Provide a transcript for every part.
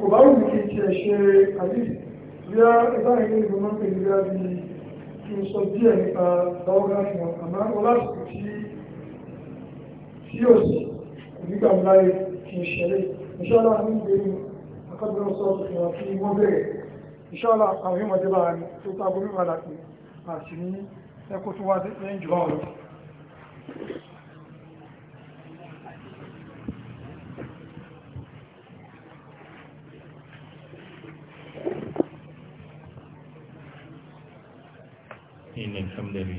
kò bá wùmí kí n tiẹ̀ ṣe àdìsí bí a ìbáyìí ní ìgbìmọ̀ pé ní a bí kí n sọ díẹ̀ nípa biography wọn àmọ́ ọlásìkò tí tí ó sì nígbà láyé kí n ṣẹlẹ̀ ìṣọ́lá ní ìgbèrú akọ́bìnrin sọ́ọ̀tù ìwà tí wọ́n bẹ̀rẹ̀ ìṣọ́lá àwọn yóò mọ̀dé bára ní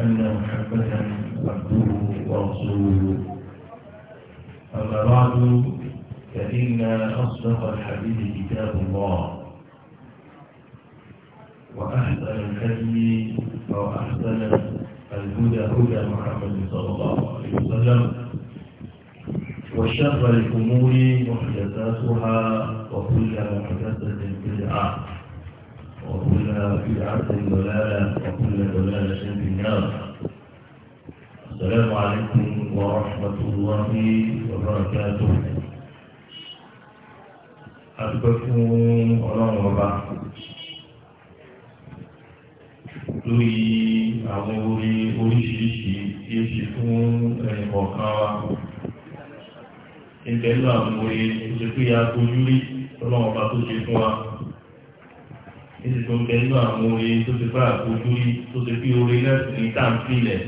أن محمدا عبده ورسوله أما بعد فإن أصدق الحديث كتاب الله وأحسن الهدي وأحسن الهدى هدى محمد صلى الله عليه وسلم وشر الأمور محدثاتها وكل محدثة بدعة وكل بدعة ضلالة وكل ضلالة في النار السلام عليكم ورحمة الله وبركاته أتبكم الله وبركاته lórí àwọn orí oríṣiríṣi tí ó ṣe fún ẹni kọ̀ọ̀kan wa ìbẹ̀lú àwọn orí tó ṣe pé a tójú rí ọlọ́run ọba tó ṣe fún wa èsì tó bẹ nínú àwọn orin tó ti bá àbójú rí tó ti fi orin náà sì ní tàǹfìlẹ̀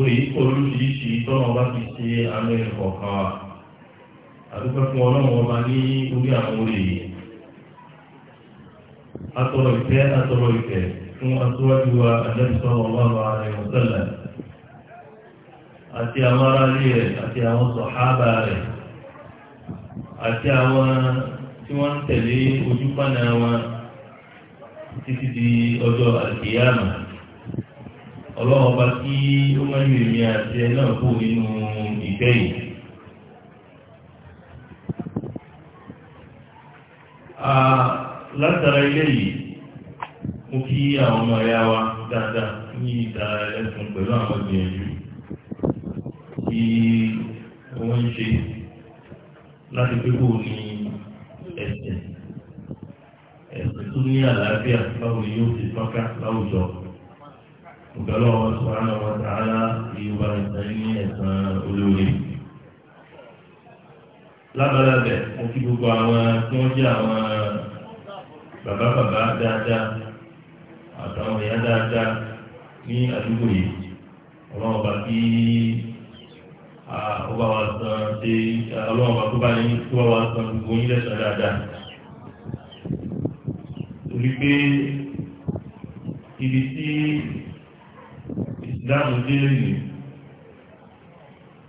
orin yìí kò lóṣìṣì tọ́nà bá fi ṣe àmì ìkọ̀ọ̀kan wa àdúgbò fún ọlọ́run ọba ní orí àwọn orin yìí atọrọ ìfẹ́ atọrọ ìfẹ́ fún aṣíwájú wa àdẹ́sọ́ ọlọ́run ààrẹ ọ̀sẹ̀lẹ̀ àti àwọn aráalé rẹ̀ àti àwọn sọ̀hábà rẹ̀ àti àwọn tí wọ́n ń tẹ̀lé ojúpáná wọn títí di ọjọ́ àkèyàmù ọlọ́run ọba kí ó máa ń yèrè àti ẹ náà kú nínú ìgbẹ́ yìí. látara ilé yìí mo kí àwọn ọmọ ẹ̀yà wa dáadáa ní ìta ẹ̀sùn pẹ̀lú àwọn ìgbìyànjú kí wọ́n ń ṣe láti pé kò ní ẹ̀sìn ní àlàáfíà báwo ni yóò fi tọ́ka láwùjọ. Ògbẹ́lọ́ wọn sọ àná wọn tààrà ìyóba ìta ní ẹ̀sán olóore. Lábàlábẹ̀, mo kí gbogbo àwọn tí wọ́n jẹ́ àwọn bàbá bàbá dáadáa àtàwọn ẹ̀yà dáadáa ní àdúgbò yìí. Ọlọ́run bá kí ọba wa san ṣe ọlọ́run bá tó bá ní tó bá wa san gbogbo yín lẹ́sàn dáadáa torí pé ibi tí ìsìláàmù dé nì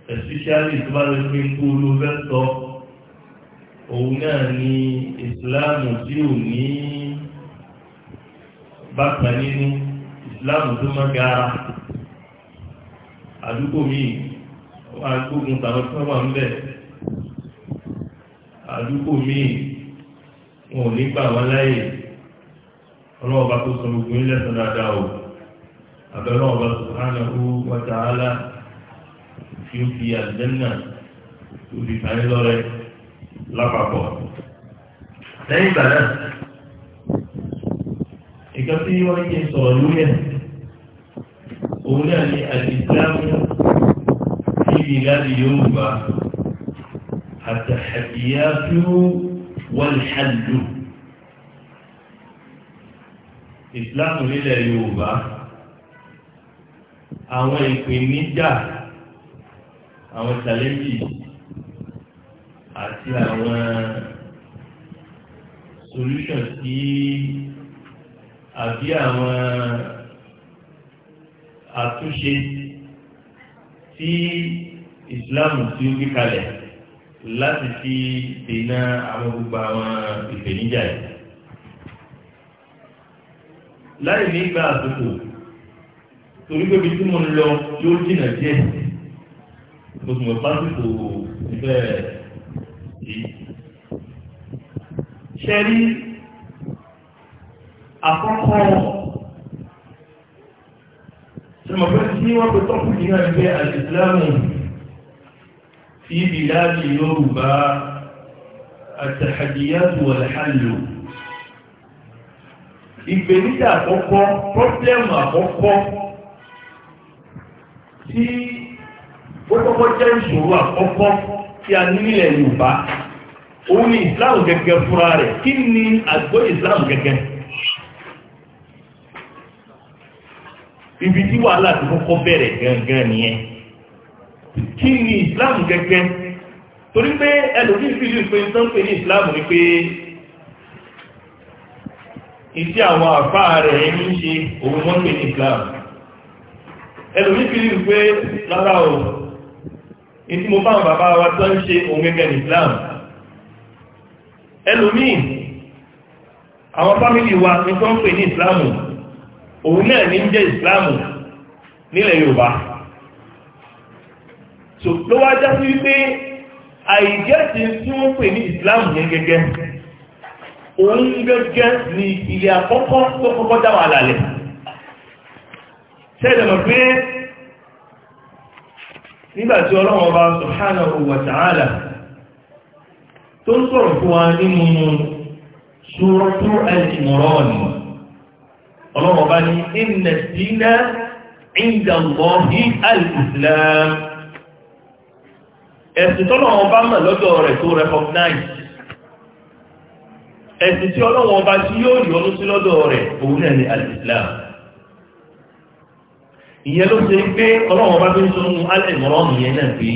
especially tó bá lè pín kú ló fẹ́ sọ òun náà ni ìsìláàmù tí ò ní bákan nínú ìsìláàmù tó máa gara àdúgbò míì wọ́n á gbógun wà ń àdúgbò míì wọn ò ní gbà wọ́n láyè. ọlọ́ọ̀bá tó sọ gbogbo ilẹ̀ sọ dáadáa o àbẹ̀rẹ̀ ọ̀bá subhanahu wa alá ti sọ̀rọ̀ lórí ẹ̀ òun ń náà ni àdìsíláàmù tí yóò gbà ìlàdí tó àtàhàdìyàtú wal haddu. ìsìláàmù nílẹ̀ yorùbá àwọn ìpèníjà àwọn challenge àti àwọn solution sí àbí àwọn àtúnṣe tí ìsìláàmù tí ó gbé kalẹ̀ láti fi dènà àwọn gbogbo àwọn ìpèníjà yìí láì ní ìgbà àsìkò torí pé ibi tí mo ń lọ yóò jìnà díẹ̀ mo sì mọ̀ pásítọ̀ ìfẹ́ yìí. ṣe rí àkọ́kọ́ ṣe mọ̀ pé tí wọ́n pe tọ́pù yìí náà gbé àlìsílámù fi bìláàdì Yorùbá àtàhàdìyàtù wal hallu ìgbèníjà àkọ́kọ́ pọ́blẹ́mù àkọ́kọ́ tí ó kọ́kọ́ jẹ́ ìṣòro àkọ́kọ́ tí a nílẹ̀ Yorùbá òun ni Islam gẹ́gẹ́ fúnra rẹ̀ kí ni àgbọ́ Islam gẹ́gẹ́ ibi tí wàhálà ti kọ́kọ́ bẹ̀rẹ̀ gangan nìyẹn kí ni Islam gẹ́gẹ́ torí pé ẹlòmíì fi lè pe tán pé ní Islam ni pé ìdí àwọn àfá rẹ̀ ń ṣe òun wọ́n pè ní Islam ẹlòmí fi rí pé lára o ìdí mo bá bàbá wa tó ń ṣe òun gẹ́gẹ́ ní Islam ẹlòmí àwọn fámílì wa ní tó ń pè ní Islam òun náà ní jẹ́ Islam nílẹ̀ Yorùbá ló wá já wípé àìjẹ́ ti tí pè ní Islam yẹn gẹ́gẹ́ òun gẹ́gẹ́ ní ilẹ̀ àkọ́kọ́ tó kọ́kọ́ dáwà lálẹ̀ sẹ́lẹ̀mọ̀ pé nígbàtí ọlọ́run ọba subhanahu wa ta'ala tó ń sọ̀rọ̀ fún wa nínú Suratu Al-Imran ọlọ́run ọba ní inna ad-dina 'inda Allahi al-Islam ẹ̀sìn tọ́lọ́run ọba mọ̀ lọ́dọ̀ rẹ̀ tó recognize ẹ̀sìn tí ọlọ́wọ́n ọba tí yóò yọ ọdún sí lọ́dọ̀ rẹ̀ òun náà ni al-Islam ìyẹn ló ṣe pé ọlọ́wọ́n ọba tó ń sọ ohun alẹ́mọ̀rán yẹn náà pé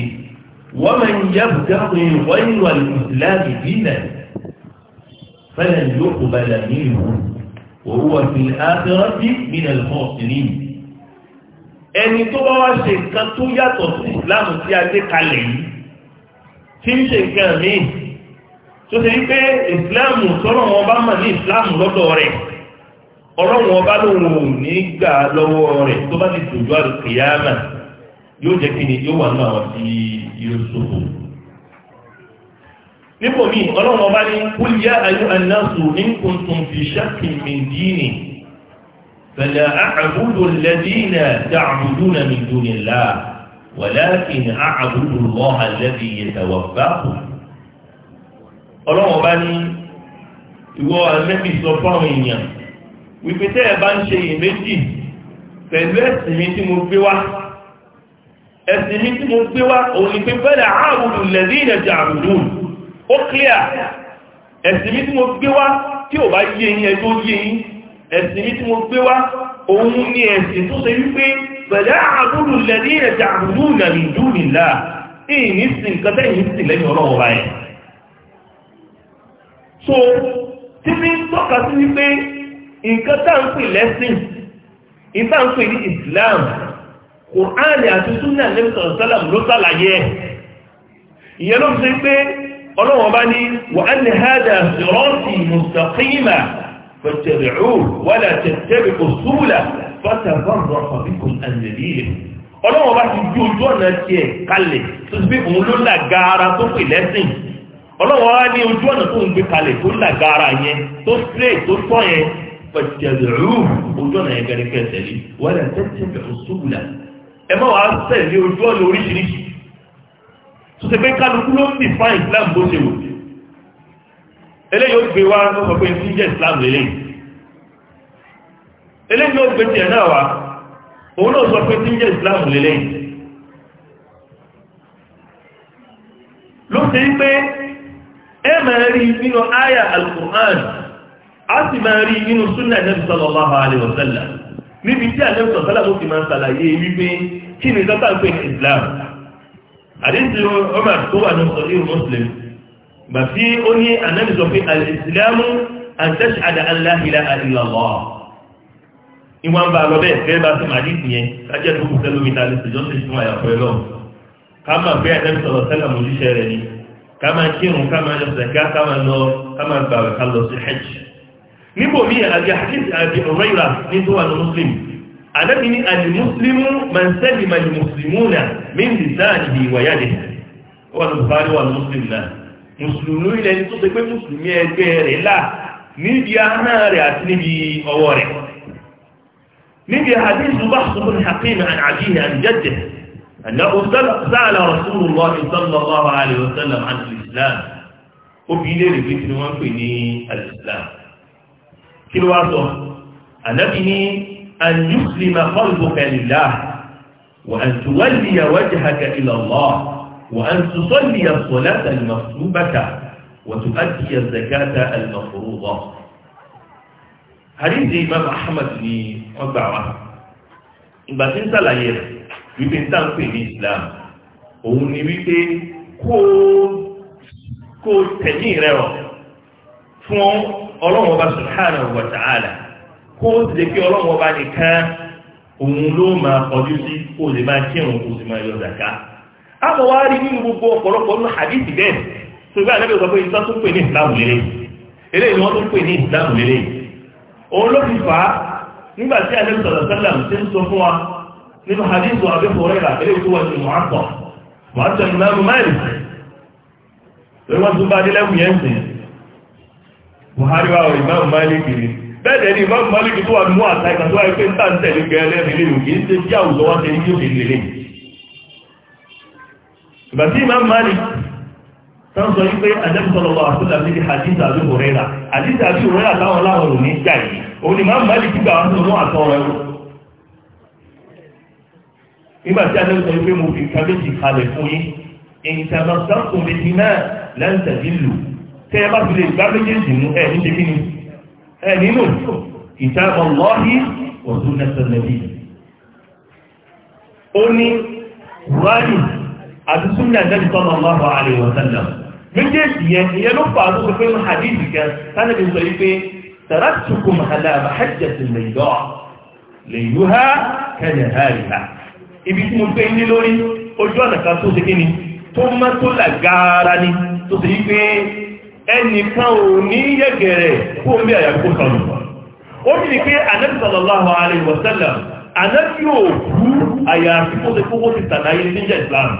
wọ́n máa ń yá bùdáwé wọ́n ń wà lùsìláàmì bílẹ̀ fẹ́lẹ̀ yóò kó balẹ̀ ní òun wà sí àtẹ́rọ́bí bílẹ̀ lọ́sìlì ẹni tó bá wá ṣe nǹkan tó yàtọ̀ sí ìsìláàmù tí a gbé kalẹ̀ yìí tó ṣe wípé ìsìláàmù sọ́rọ̀ wọn bá mọ̀ ní ìsìláàmù lọ́dọ̀ rẹ̀ ọ̀rọ̀ wọn bá lòun ò ní gbà lọ́wọ́ rẹ̀ tó bá ti tòjú àlùkìyàmà yóò jẹ́ kí ni yóò wà náà ti yóò ṣòfò nípò míì ọlọ́run ọba bá ni kul ya ayyuha an-nasu in kuntum fi shakkin min dini fala a'budu alladhina ta'buduna min dunillah walakin a'budu allaha alladhi yatawaffakum ọlọ́wọ́n bá ní ìwọ àlẹ́bí sọ fáwọn èèyàn wípé tẹ́ ẹ bá ń ṣe iyèméjì pẹ̀lú ẹ̀sìn mi tí mo gbé wá ẹ̀sìn mi tí mo gbé wá òun ni pé bẹ́ẹ̀ ààrùn lẹ́dí ìrẹ̀jẹ̀ àrùn ó clear ẹ̀sìn mi tí mo gbé wá tí ò bá yé yín ẹjọ́ yé yín ẹ̀sìn mi tí mo gbé wá òun ni ẹ̀sìn tó ṣe wípé bẹ̀rẹ̀ ààrùn lẹ́dí ìrẹ̀jẹ̀ àrùn nàìjíríà ìníṣìn nǹkan tẹ́yìn sí lẹ́yìn ọlọ́wọ́ báyìí so tí mi ń tọ́ka sí wípé nǹkan tá ń pè lẹ́sìn ìta ń pè ní Islam Kùránì àti súnà lẹ́bí sọ̀rọ̀ sálàm ló sàlàyé ẹ̀ ìyẹn ló fi pé ọlọ́wọ́n bá ní wà á ní hádà sirati mustaqima fattabi'uhu wala tattabi'u subula fatafarraqa bikum an bá ti ju ọlọ́wọ́ wá ní ojú ọ̀nà tó ń gbé kalẹ̀ tó lágara yẹn tó straight tó tọ́ yẹn pẹ̀tẹ̀lú ojú ọ̀nà yẹn gẹ́gẹ́ tẹ̀lé wọ́n lè tẹ́tẹ́ bẹ̀rù sóbùlà ẹ má wàá tẹ̀lé ojú ọ̀nà oríṣiríṣi tó ṣe pé kálukú ló ń bì fún Islam bó ṣe wò eléyìí ó gbé wá ló sọ pé ní jẹ́ Islam lélẹ́yìn eléyìí ó gbé tiẹ̀ náà wá òun náà sọ pé ní jẹ́ Islam lélẹ́yìn ló ṣe ń pé ẹ máa rí nínú àyà al-Qur'an a sì máa rí nínú súnà Nabi sallallahu alaihi wa sallam níbi tí Nabi sallallahu alaihi wa sallam ti máa ṣàlàyé wípé kí ni dọ́tà ń pè ní Islam àdéhùn Umar tó wà ní sahih Muslim gbà tí ó ní Nabi sọ pé al-Islamu an tashhada an la ilaha illallah ìwọ̀n bá lọ bẹ́ẹ̀ gẹ́gẹ́ bá sí màdí ìyẹn kájẹ́ tó kù sẹ́lómi ta àyàfọ́ ẹlọ́run ká ká máa kírun ká máa lọ zaka ká máa lọ ká máa gbàwẹ̀ ká lọ sí hajj níbo ní àbí àkíyèsí àbí ọ̀rọ̀ ìrà ní tó wà ní muslim àdábì ní alimuslimu man salima alimuslimuna min lisanihi wa yadihi wà ní buhari wà ní muslim náà mùsùlùmí ilẹ̀ ní tó ṣe pé mùsùlùmí ẹgbẹ́ rẹ̀ là níbi ahọ́n rẹ̀ àti níbi ọwọ́ rẹ̀ níbi hadith bá sọ́kùnrin hakim àti àjíhìn àti أنه سأل رسول الله صلى الله عليه وسلم عن الإسلام وبيلي ربيت في الإسلام كل واحد بني أن يسلم قلبك لله وأن تولي وجهك إلى الله وأن تصلي الصلاة المكتوبة وتؤدي الزكاة المفروضة حديث الإمام أحمد بن عبد الله إن بس wípé ń tàn pè ní Islam òun ni wípé kó tẹ̀mí rẹ̀ rọ̀ fún ọlọ́run ọba subhanahu wa ta'ala kó lè kí ọlọ́run ọba nìkan òun ló máa kọjú sí kó lè máa kírun kó sì máa yọ zaka àmọ́ wá rí nínú gbogbo ọ̀pọ̀lọpọ̀ ní hadith bẹ́ẹ̀ tó gbé àlẹ́bẹ̀ sọ pé ìtọ́ tó pè ní Islam lélẹ̀ eléyìí wọ́n tó pè ní Islam lélẹ̀ òun ló fi fà á nígbà tí àlẹ́bẹ̀ sọ̀rọ̀ sẹ́lẹ̀ ń sọ fún wa nínú hadithu Abi Hurairah ilé ìtú wọn ti mọ̀ àtọ̀ wọ́n tẹ̀ ní mẹ́rù mẹ́rin lórí wọ́n tún bá dé lẹ́kùn yẹn sìn Buhari wa ọ̀rọ̀ ìmọ̀ mẹ́rin kiri bẹ́ẹ̀ ni ìmọ̀ mẹ́rin tó wà mú àtà ìgbà tó wáyé pé ń tà ń tẹ̀lé gẹ́lẹ́ nílé ìrùkì ń ṣe kí àwùjọ wá ṣe ní yóò ṣe lè ìgbà tí ìmọ̀ mẹ́rin tán sọ wípé àjẹ́sọ̀rọ̀ wà nígbà tí adé sọ pé mo fi nǹkan méjì kalẹ̀ fún yín ìtàmọ̀sán kò lè di náà lẹ́ǹtẹ̀bí lò tẹ́ ẹ bá fi lè gbá méjèèjì mú ẹ̀ ní ṣe ẹ̀ nínú ìtàmọ̀ lọ́hí ọdún nẹ́sẹ̀lẹ́bí ó ní wáyé àti súnmọ́ ẹ̀dẹ́bí tọ́lọ́ lọ́wọ́ àríwọ̀sẹ́lẹ̀ méjèèjì yẹn ìyẹn ló fà á lóko pé hadithi kan tánàbí sọ yìí pé tàràtùkùn àlàmà hajjẹ̀sìn lè yọ lè yúhá kẹlẹ̀ hàrìhà ibi tí mo gbé ní lórí ojú ọ̀nà kan tó ṣe kí ni tó má tó làgára ni tó ṣe wípé ẹnìkan ò ní yẹ̀gẹ̀rẹ̀ kó ń bí àyàkó sọ̀rọ̀ ó bí ni pé ànábì sallallahu alaihi wa yóò kú àyàfi tó ṣe kókó ti tàdáyé níjà Islam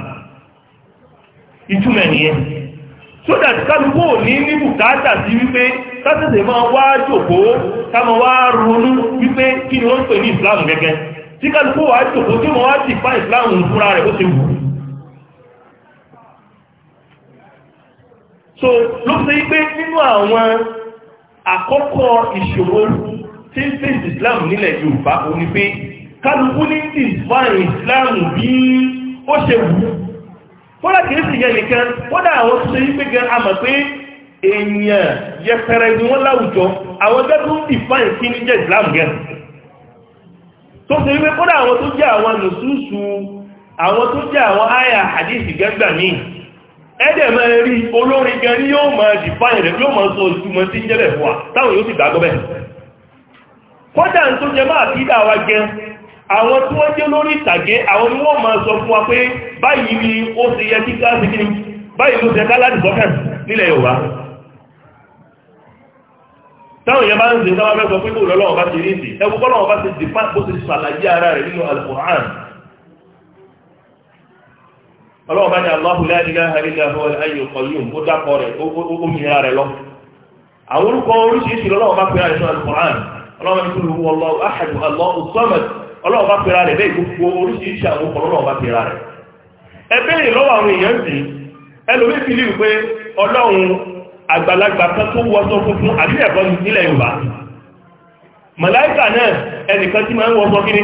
ìtumẹ̀ nìyẹn so that kálukú ò ní ní bùkátà sí wípé sátẹ̀sẹ̀ máa wá jòkó ká máa wá ronú wípé kí ni wọ́n ń pè ní Islam gẹ́gẹ́ tí kálukú wà á jòkó tí wọ́n wá sì pa ìsìláàmù fúnra rẹ̀ ó ti wù so ló fi pé nínú àwọn àkọ́kọ́ ìṣòro tí ń fẹ́ ìsìláàmù nílẹ̀ Yorùbá ó ní pé kálukú ní ti fa ìsìláàmù bí ó ṣe wù kódà kìí sì yẹ nìkan kódà àwọn tó ṣe yí pé gan amọ̀ pé èèyàn yẹpẹrẹ ni wọ́n láwùjọ àwọn gẹ́gẹ́ tó ń define kí ní jẹ́ ìsìláàmù gẹ́gẹ́ tó ṣe wípé kódà àwọn tó jẹ́ àwọn lòsúsù àwọn tó jẹ́ àwọn àyà àdìsí gẹ́gbà ní ẹ̀dẹ̀ máa rí olórin gan ní yóò máa dìfáyìn rẹ̀ yóò máa sọ ìtumọ̀ sí jẹ́lẹ̀ fún wa táwọn yóò sì gbàgbọ́ bẹ́ẹ̀ kódà tó jẹ máa fi dà wá gẹ àwọn tí wọ́n jẹ́ lórí ìtàgé àwọn ni sọ fún wa pé báyìí ni ó ti yẹ báyìí ló ti láti sọ́kàn nílẹ̀ Yorùbá táwọn èèyàn bá ń sìn táwọn mẹ́sàn pé kò lọ́lọ́wọ́ bá ti rí ìsìn ẹgbẹ́ bọ́lọ́wọ́ bá ti ara rẹ̀ nínú alukur'an ọlọ́wọ́ bá ní Allahu la ilaha illa huwa al-hayyul qayyum ó dákọ̀ rẹ̀ ó rẹ̀ lọ àwọn orúkọ oríṣiríṣi lọ́wọ́ bá alukur'an ọlọ́wọ́ ní kúrú ọlọ́wọ́ bá rẹ̀ àgbàlagbà kan tó wọ́sọ funfun àbí ẹ̀kọ́ nílẹ̀ Yorùbá màláìkà náà ẹnìkan tí máa ń wọ́sọ kí ni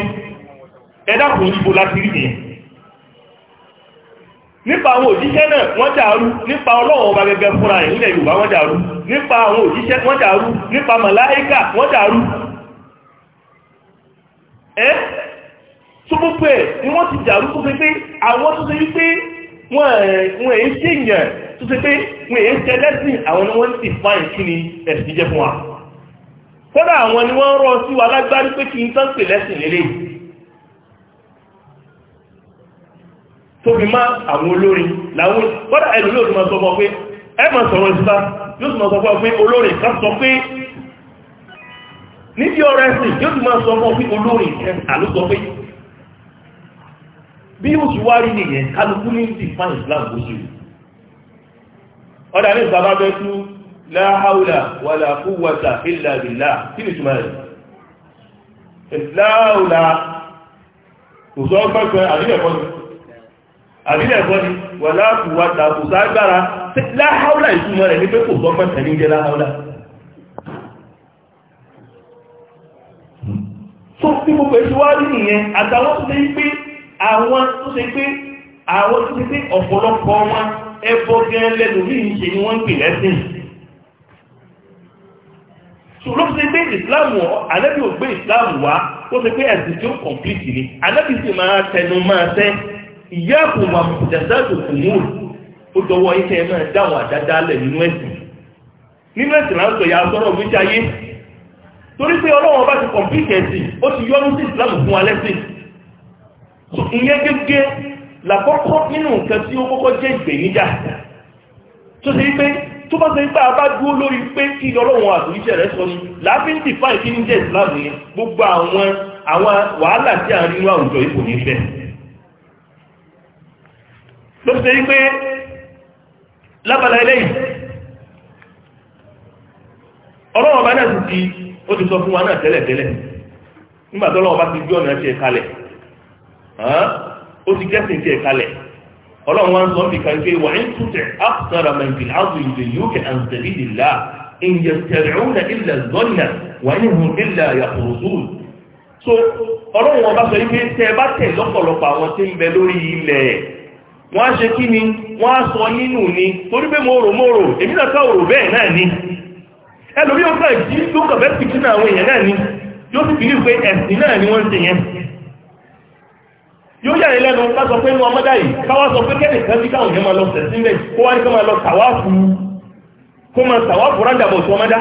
ẹ̀dàkùn ìbò láti rí nìyẹn nípa àwọn òjíṣẹ́ náà wọ́n dàrú nípa ọlọ́wọ̀n ọba gẹ́gẹ́ fúnra ẹ̀ nílẹ̀ Yorùbá wọ́n dàrú nípa àwọn òjíṣẹ́ wọ́n dàrú nípa màláìkà wọ́n dàrú ẹ́ tó gbogbo ẹ̀ ni wọ́n ti dàrú tó fi pé àwọn tó ti rí pé wọ́n èyí sí ìyàn tó ṣe pé wọ́n èyí jẹ lẹ́sìn àwọn ni wọ́n ti fáìn kí ni ẹ̀sìn jẹ́ fún wa kódà àwọn ni wọ́n rọ sí wa lágbárí pé kí n tán pè lẹ́sìn lélẹ̀ tóbi má àwọn olórin làwọn kódà ẹ̀lú yóò tún máa sọ fún ọ pé ẹ máa sọ̀rọ̀ ìsúta yóò tún máa sọ fún ọ pé olórin kan sọ pé níbi ọ̀rọ̀ ẹ̀sìn yóò tún máa sọ fún ọ pé olórin kan àlósọ pé bí ó ti wá rí nìyẹn kálukú ní ti fáìn láàbò sí i ọ̀dà ní ìsàbá bẹ́ tú la hawla wala quwwata illa billah kí ni túnmọ̀ rẹ̀ láàúlà kò sọ pẹ́pẹ́ àbílẹ̀kọ́ ni wala quwwata kò ságbára la rẹ̀ ní pé kò sọ ẹbọ gẹ́gẹ́ lẹ́nu rí ìṣe ni wọ́n ń pè lẹ́sìn ṣùgbọ́n ṣe pé ìsìláàmù ọ ànábì ò gbé ìsìláàmù wá ó ṣe pé ẹ̀sìn tí ó kọ̀m̀plìtì ni ànábì sì máa tẹnu máa tẹ́ ìyá kò wà dàdá tó kù mú ó dọwọ́ yín kẹ́ ẹ máa dáhùn àdáda lẹ̀ nínú ẹ̀sìn nínú ẹ̀sìn là ń sọ ìyá sọ́rọ̀ mi jáyé torí pé ọlọ́wọ́n bá ti kọ̀m̀plìtì ẹ̀sìn ó ti yọ́nú sí ìsìláàmù fún wa lẹ́sìn ìyẹn gẹ́gẹ́ làkọ́kọ́ nínú nǹkan tí ó kọ́kọ́ jẹ́ ìgbèníjà tó ṣe wípé tó bá ṣe wípé àbá dúró lórí pé kí ọlọ́run àtòríṣẹ́ rẹ̀ sọ ni láàfin ti fà ìkíní jẹ́ Islam yẹn gbogbo àwọn àwọn wàhálà tí a rí inú àwùjọ ipò ní ibẹ̀ ló ṣe wípé lábàlá eléyìí ọlọ́run ọba náà sì ti ó ti sọ fún wa náà tẹ́lẹ̀tẹ́lẹ̀ nígbà tó ọlọ́run ọba ti gbé ọ̀nà ṣe ó ti gẹ́sìn tiẹ̀ kalẹ̀ ọlọ́run wá ń sọ nìkan pé wà ń tútẹ̀ áfùsára mẹ́fìlì áfùsára yóò kẹ́ àǹtẹ̀lìdìlá ìyẹ̀tẹ̀rẹ̀únà ilẹ̀ zọ́nà wà ní hun ilẹ̀ àyàfòròsùn so ọlọ́run wọn bá sọ wípé tẹ́ bá tẹ̀ lọ́pọ̀lọpọ̀ àwọn tí ń bẹ lórí ilẹ̀ wọ́n á ṣe kí ni wọ́n á sọ nínú ni torí pé mo rò mo rò èmi náà ká òrò bẹ́ẹ̀ náà ni ẹlòmí ó jí lókàfẹ́ yóò yà yín lẹ́nu ká sọ pé inú ọmọdé yìí káwá sọ pé kẹ́lì kan bí káwọn yẹn máa lọ sẹ̀ sílẹ̀ kó wá ní kó máa lọ tàwáàfù kó máa tàwáàfù rándàbọ̀ tó ọmọdé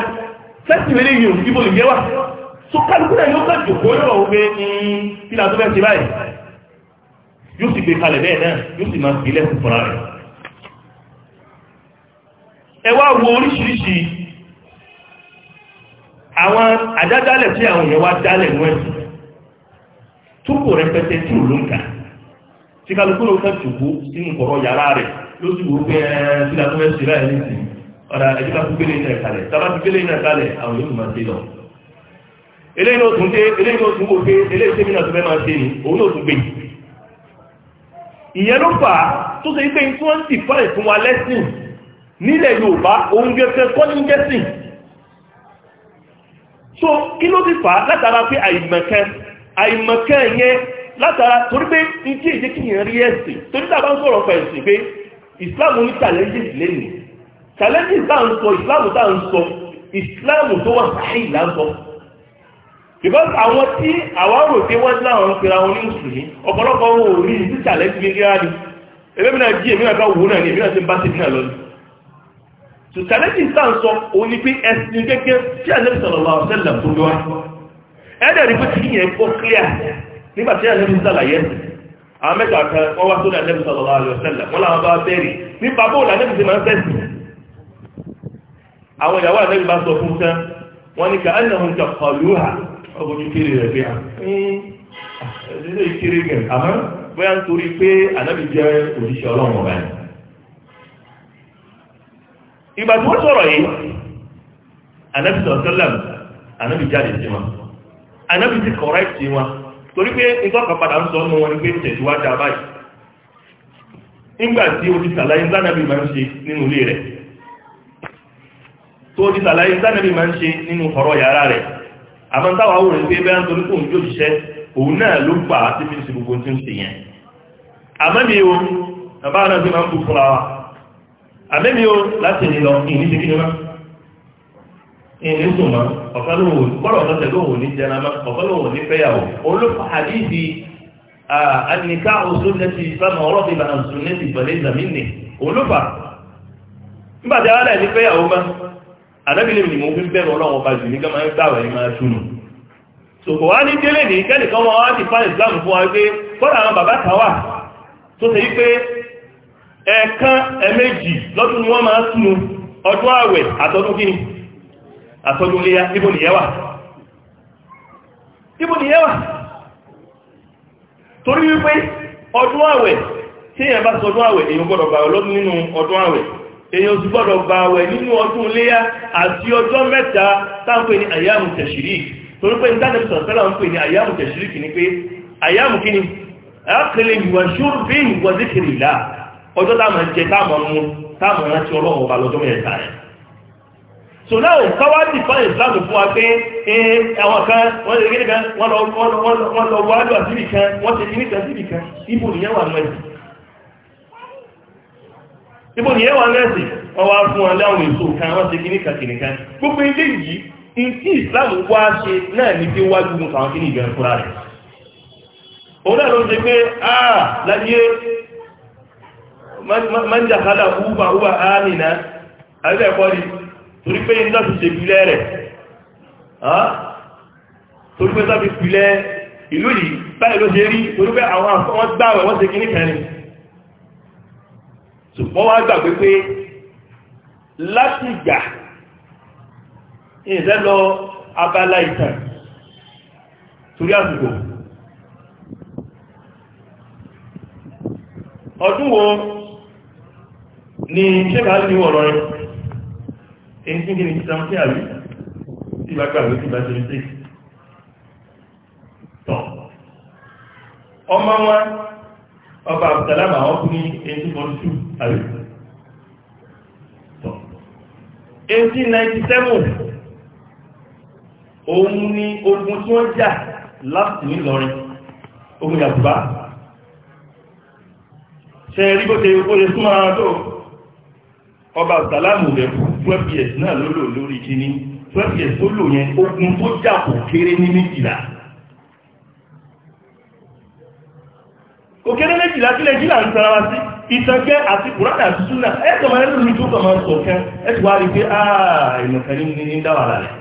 sẹ́sì mi léyìn òkú ibo nìyẹn wà so kálukú náà yóò kàn jòkó yóò wọ́n pé hmm, kí ni a tó fẹ́ ṣe báyìí yóò sì gbé kalẹ̀ bẹ́ẹ̀ náà yóò sì máa gbé lẹ́sìn fúnra rẹ̀ ẹ wá wo oríṣiríṣi àwọn àdádálẹ̀ tí àwọn èèyàn wá dálẹ̀ nú ẹ̀sìn túkò rẹpẹtẹ tí ò ló ń kà tí kálukú ló fẹ́ tùkú sínú kọ̀rọ̀ yàrá rẹ̀ ló sì wò pé ẹ fílà tó fẹ́ sí láì ní sí ọ̀dà ẹjọ́ ká gbélé iná ìkàlẹ̀ tábà ti gbélé iná ìkàlẹ̀ àwọn yóò máa ṣe lọ. eléyìí ló tún dé eléyìí ló tún wò pé eléyìí tẹ́mi náà tó fẹ́ máa ṣe ni òun ló tún gbé ìyẹn ló fà á tó ṣe pé tí wọ́n ti fọ́ ẹ̀fún wa lẹ́sìn nílẹ̀ Yorùbá òun gẹ́gẹ́ kọ́ so kí ló ti fà látara pé àìmọ̀kẹ́ àìmọ̀kẹ́ yẹn látara torí pé ní tí èdè kí yẹn rí ẹ̀sìn torí tàbá ń sọ̀rọ̀ fẹ̀ sí pé islam ní challenges lẹ́nu challenges tá à ń sọ islam tá à ń sọ islam tó wà sáyé là because àwọn tí àwọn rò pé wọ́n láwọn ń pera wọn ní mùsùlùmí ọ̀pọ̀lọpọ̀ wọn ò rí ní challenge ní rírá ni ẹgbẹ́ mi náà jí èmi náà bá wò náà ni èmi náà ti ń bá ti dínà lọ́nà so challenges tá à ń sọ òun ni pé ẹ̀sìn gẹ́gẹ́ tí àlẹ́ sọ̀rọ̀ wà ọ̀sẹ̀ lẹ̀ tó lọ́wọ́ ẹ̀dẹ̀ rí pẹ́tí yẹn kó clear nígbàtí àlẹ́bí sàlàyé àwọn mẹ́ta kan wọ́n wá sórí àlẹ́bí sọ̀rọ̀ àlọ́ sẹ́lẹ̀ wọ́n làwọn bá bẹ́ẹ̀rì nípa bóòlù àlẹ́bí ti máa ń sẹ́sì àwọn ìyàwó àlẹ́bí bá sọ fún tán wọ́n ní ká ẹ̀nà òun kà pọ̀lú hà ọgbọ̀jú kiri rẹ̀ bí i kiri gẹ̀ àmọ́ bóyá nítorí pé àlẹ́bí jẹ́ òṣìṣẹ́ sọ̀rọ̀ yìí àlẹ́bí sọ̀rọ̀ sẹ́lẹ̀ àlẹ́bí jáde sí anábì ti kọ̀rẹ́tì wọn torí pé ìtọ́kà padà ń sọ ọ́nà wọn ni pé tẹ̀síwájú abáyìí nígbà tí o ti sàlàyé sánàbì máa ń ṣe nínú ilé rẹ̀ tó o ti máa ń ṣe nínú ọ̀rọ̀ yàrá rẹ̀ àmọ́ táwa wò ní pé bẹ́ẹ̀ ń torí kóun yóò ṣiṣẹ́ òun náà ló gbà á sí fi ṣe gbogbo tí ń ṣe yẹn àmọ́ mi o bàbá náà ti máa ń bù fúnra wa àmọ́ mi o láti ìlọ ìní ti kí ni máa ìní sùnmọ́ ọ̀kọ́lọ́wò bọ́lọ̀ ọ̀tọ́tẹ̀ lóhùn ní jẹnama ọ̀kọ́lọ́wò ní fẹ́yàwó olófà àdífi àníká oṣù lẹ́tì ìfẹ́mọ̀ ọ̀rọ̀ ti bàrà oṣù lẹ́tì ìzàmínì olófà nígbàtí ara ẹni fẹ́yàwó àdábìlẹ̀ mi ni mo fi jù ní ń gbàwẹ̀ ní máa túnú sòkò wá ní délé ní kẹ́nìkan wọn wá ti fa Islam fún wa pé àwọn bàbá kan wà tó ṣe wípé ẹ̀ẹ̀kan àtọ́jú léyá níbo nìyẹn wà níbo nìyẹn wà torí wípé ọdún àwẹ̀ tí èyàn bá sọdún àwẹ̀ èyàn gbọ́dọ̀ gbà ọlọ́dún nínú ọdún àwẹ̀ èyàn sì gbọ́dọ̀ gbà àwẹ̀ nínú ọdún léyá àti ọjọ́ mẹ́ta táwọn ní àyàmù tẹ̀ṣìrí torí pé ìdánilẹ̀ sọ̀tẹ́lá ń pè ní àyàmù tẹ̀ṣìrí kì ní pé àyàmù kí ni àkèlè ìwà ṣúrùbí ìwà zikiri ìlà ọjọ́ táwọn jẹ táwọn mú táwọn rántí ọlọ́run ọba lọ́jọ́ mẹ́ta so now káwá dìfán islam fún wa pé àwọn kan wọ́n lè gẹ́gẹ́ kan wọ́n lọ wájú kan wọ́n ti ní ìtàtìrì kan ibò nìyẹn wà mẹ́sì ibò nìyẹn wà mẹ́sì wọ́n wá fún wa láwọn èso kan wọ́n kan gbogbo ilé yìí tí islam wá ṣe náà ní pé wájú mú torí pé ní láti ṣèpìlẹ̀ rẹ̀ torí pé láti pìlẹ̀ ìlú yìí báyìí ló ṣe rí torí pé àwọn àwọn gbàwẹ̀ wọ́n ṣe kí ní kẹrin ṣùgbọ́n wá gbàgbé pé láti ìgbà ìṣẹ́ lọ abala ìtàn torí àsìkò ọdún wo ni ṣẹ́kàá ní ọ̀rọ̀ rẹ̀ ẹni tí gẹ́gẹ́ ní tọ́ ọmọ àrí tọ́ 1897 ogun yàtùbá ṣe rí bó ṣe kó ṣe súnmọ́ ara tó ọba àbùsàlámà ò bẹ̀rù twelve years náà ló lò lórí kíní twelve years tó lò yẹn ogun tó jà kò kéré ní méjìlá kò kéré méjìlá sílẹ̀ jílà ń sara wa sí ìtànkẹ́ àti kùránà àti súnà ẹ̀kọ́ máa ń lòlù tó kàn máa ń sọ̀kẹ́ ẹ̀kọ́ wá rí pé àà ah, ìmọ̀kẹ́ ní dáwà lálẹ́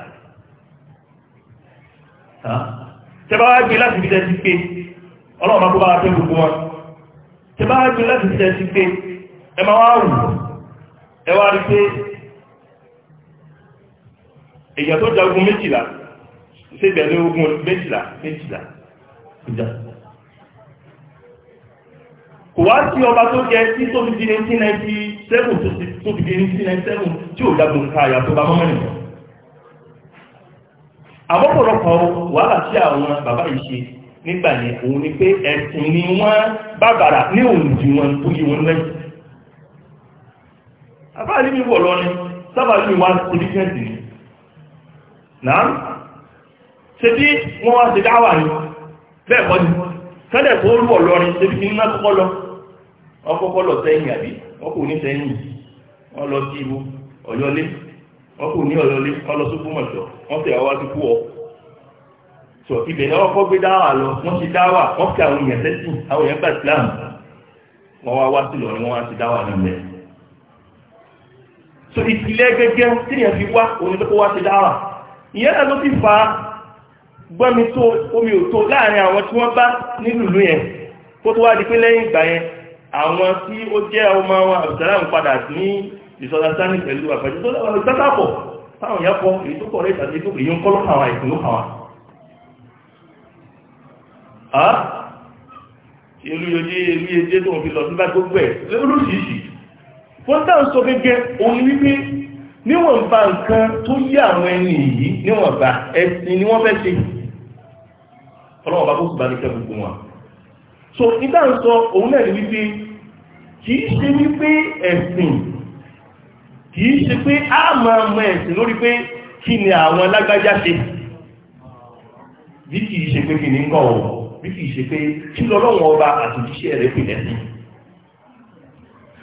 tẹba wá gbé láti fi tẹ́sí rí pé èyàn tó jà ogun méjìlá síbẹ̀ ní ogun méjìlá méjìlá ìjà kò wá sí ọba tó jẹ tí tó fi di 1997 tó fi di 1997 tí ò jagun ká àyà tó bá mọ́mọ́ nìkan àbọ̀pọ̀lọpọ̀ wàhálà tí àwọn bàbá yìí ṣe nígbà yẹn òun ni pé ẹ̀sìn ni wọ́n bàbàrà ní òun jù wọn tó yí wọn lẹ́yìn àbáyé mi wọ̀ lọ ni sábà ní wá sílíkẹ́ǹtì ni náà ṣe bí wọ́n wá ṣe dáwà ní bẹ́ẹ̀ ni kẹ́lẹ̀ tó rú ṣe bí kọ́kọ́ lọ ọkọ́kọ́ lọ sẹ́yìn àbí wọ́n ní sẹ́yìn wọ́n sí ìlú ọ̀yọ́lé wọ́n ní ọ̀yọ́lé wọ́n lọ sókú mọ̀ṣọ́ wọ́n wá sí lọ wọ́n ṣe dáwà wọ́n fi àwọn èèyàn sẹ́sìn àwọn èèyàn gbà wọ́n wá wá sí lọ ni wọ́n so gẹ́gẹ́ tí èèyàn fi wá òun ìyẹn náà ló fi fa gbọ́mi tó omi ò tó láàrin àwọn tí wọ́n bá nílùú yẹn kó tó wá di pé lẹ́yìn ìgbà yẹn àwọn tí ó jẹ́ ọmọ wọn àbùsàlámù padà ní ìsọdásánì pẹ̀lú àgbàjọ tó lọ́wọ́ ìtàkàpọ̀ táwọn yẹn kọ èyí tó kọ̀ rẹ̀ ìtàkì tó èyí ń kọ́ lọ́kàn àwọn ìpínlẹ̀ kan wa. ìlú yòójì ìlú yèjì tó ń fi lọ sí bá gbogbo ẹ̀ lóríṣiríṣi fún táwọn sọ gẹ́gẹ́ òun wípé níwọ̀n bá nǹkan tó yí àwọn ẹni yìí níwọ̀n bá ẹ̀sìn ni wọ́n fẹ́ ṣe ọlọ́wọ́ bá kó sì bá ní kẹ́ gbogbo wọn so nígbà ń sọ òun náà ní wípé kìí ṣe wípé ẹ̀sìn kìí ṣe pé a máa mọ ẹ̀sìn lórí pé kí ni àwọn lágbájá ṣe bí kìí ṣe pé kí ni ń kọ̀ bí kìí ṣe pé kí lọ́lọ́wọ́ ọba àtòjíṣẹ́ rẹ̀ pè lẹ́sìn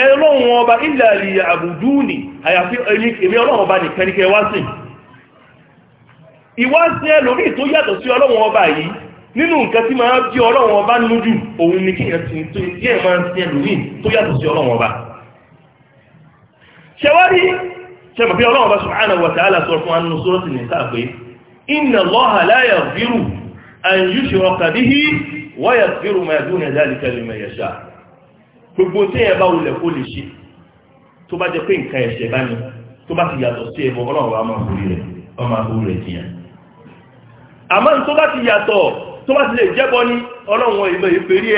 ẹlọ́run ọba ilẹ̀ àlìyà àbùdú nì àyàfi èmi ọlọ́run ọba nìkan ní kẹ wá sí ìwáṣí ẹlòmí tó yàtọ̀ sí ọlọ́run ọba yìí nínú nǹkan tí máa bí ọlọ́run ọba lójú òun ni kí ẹ̀sìn tó díẹ̀ máa ń sí ẹlòmí tó yàtọ̀ sí ọlọ́run ọba ṣẹwárí ṣẹmọ̀ bí ọlọ́run ọba subhanahu wa ta'ala sọ fún anú sọ́ọ̀tì ní sáà pé inna Allaha gbogbo tí ẹ bá wulẹ̀ kó lè ṣe tó bá jẹ pé nǹkan ẹ̀ṣẹ̀ bá ní tó bá ti yàtọ̀ sí ẹbọ ọlọ́run wa máa borí rẹ̀ wọ́n máa borí rẹ̀ jìyàn àmọ́ tó bá ti yàtọ̀ tó bá ti lè jẹ́bọ ní ọlọ́run wọn ìbẹ̀ ìfèrí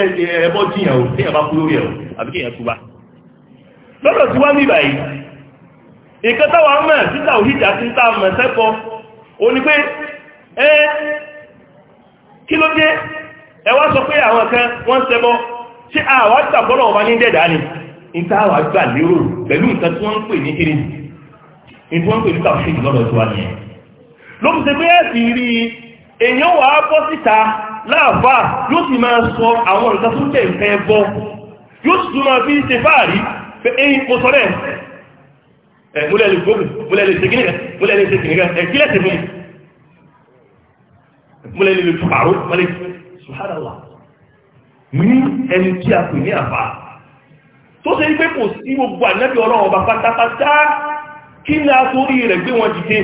ẹbọ jìyàn ò tí ẹ bá kú lórí ẹ̀ àbí kí ẹ tú lọ́dọ̀ tí wọ́n ní ìbàyí nǹkan táwa mọ̀ títà òhìjà sí tá mọ̀ sẹ́kọ̀ ó pé ẹ kí ló dé ẹ wá sọ pé àwọn kan wọ́n sẹ́bọ̀ ṣé àwa gbàgbọ́rọ̀ ọba ní dẹ̀dá ni níta àwa gbà lérò pẹ̀lú nǹkan tí wọ́n ń pè ní kiri ní tí wọ́n ń pè ní tàbíṣẹ́jì lọ́dọ̀ tó wà nìyẹn ló ń ṣe pé ẹ̀sì rí èèyàn wà á bọ́ síta láàfà yóò sì máa sọ àwọn nǹkan tó jẹ́ ìfẹ́ bọ́ yóò sì tún máa fi ṣe fáàrí pé ẹ̀yìn mo sọ bẹ́ẹ̀ múlẹ̀ lè gbóògùn múlẹ̀ lè ṣe kìnìkan múlẹ̀ lè ṣe kìnìkan ní ẹni tí a pè ní àfà tó ṣe pé kò sí gbogbo ànábì ọlọ́run ọba pátápátá kí ni a torí rẹ̀ gbé wọn dìde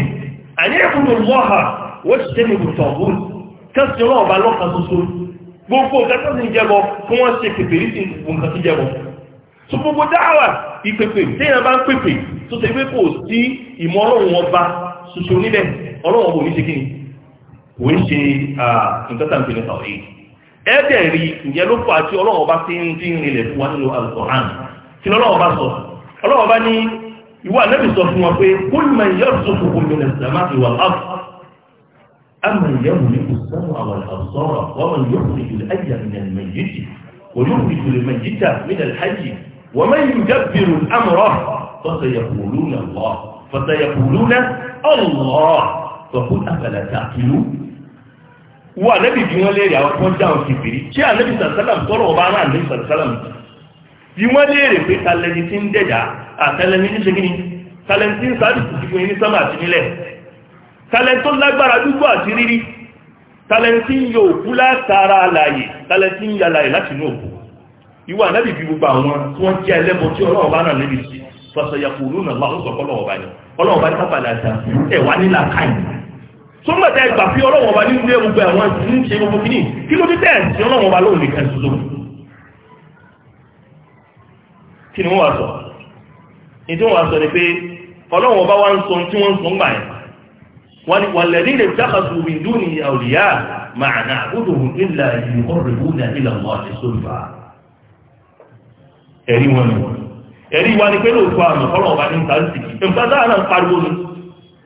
àní ẹ̀kúndùn lọ́ha wọ́n ti tẹ́ mi kò tọ̀gbó kẹ́sì ọlọ́run ọba lọ́kan ṣoṣo gbogbo kẹ́sì ń jẹ́bọ fún wọn ṣe pèpè ní ti nǹkan ti jẹ́bọ tó gbogbo dáwà ìpèpè téèyàn bá ń pèpè tó ṣe pé kò sí ìmọ̀ ọlọ́run ọba ṣoṣo níbẹ̀ ọlọ́run ọba ò ní ṣe kí ni kò ń ẹ̀dẹ̀ rí ìyẹn ló fà tí ọlọ́wọ́ bá ti ń rinlẹ̀ fún wa nínú alukọ̀rán ti olowo bá sọ ọlọ́wọ́ bá ní ìwọ ànábì sọ fún wa pé kul man yarzuqukum min as ti wal ard amman yamliku as-sam'a wal absara wa man yukhriju al-hayya min al-mayyiti wa yukhriju al-mayyita min al-hayyi wa man yudabbiru al-amra fasayaquluna Allah fasayaquluna Allah fa qul afala ta'qilun wo ànábì bí wọ́n léèrè àwọn tó ń dáhùn kìbìrì ṣé ànábì sàlẹ́sàlám tọ́lọ̀ ọba rán ànábì sàlẹ́sàlám bí wọ́n léèrè pé talẹ́ni tí ń dẹ̀dà àtẹlẹ́ni ní ṣe kí ni talẹ́ni tí ń sáàdùkù sí fún yín ní sámà àti nílẹ̀ talẹ́ni tó lágbára dúdú àti rírí talẹ́ni tí ń yọ òkú látara àlàyé talẹ́ni tí ń yà àlàyé láti inú òkú ìwọ ànábì bí gbogbo àwọn tí wọ́n jẹ́ ẹlẹ́bọ tí ọlọ́run bá rán sọ́gbà tẹ́ gbà fi ọlọ́wọ́n ọba nínú ilé gbogbo àwọn ìlú ṣe gbogbo kìíní kí ló dé tẹ́ ẹ̀sì ọlọ́wọ́n ọba lóòrùn nìkan ṣoṣo kí ni wọ́n sọ ní tí wọ́n sọ ni pé ọlọ́wọ́n ọba wá sọ tí wọ́n ń sọ ń gbà lè dákàtú mi dúni àwòrìyá màánà àkúdùn ìlà ìrìnkọ́rìnbùnà ìlà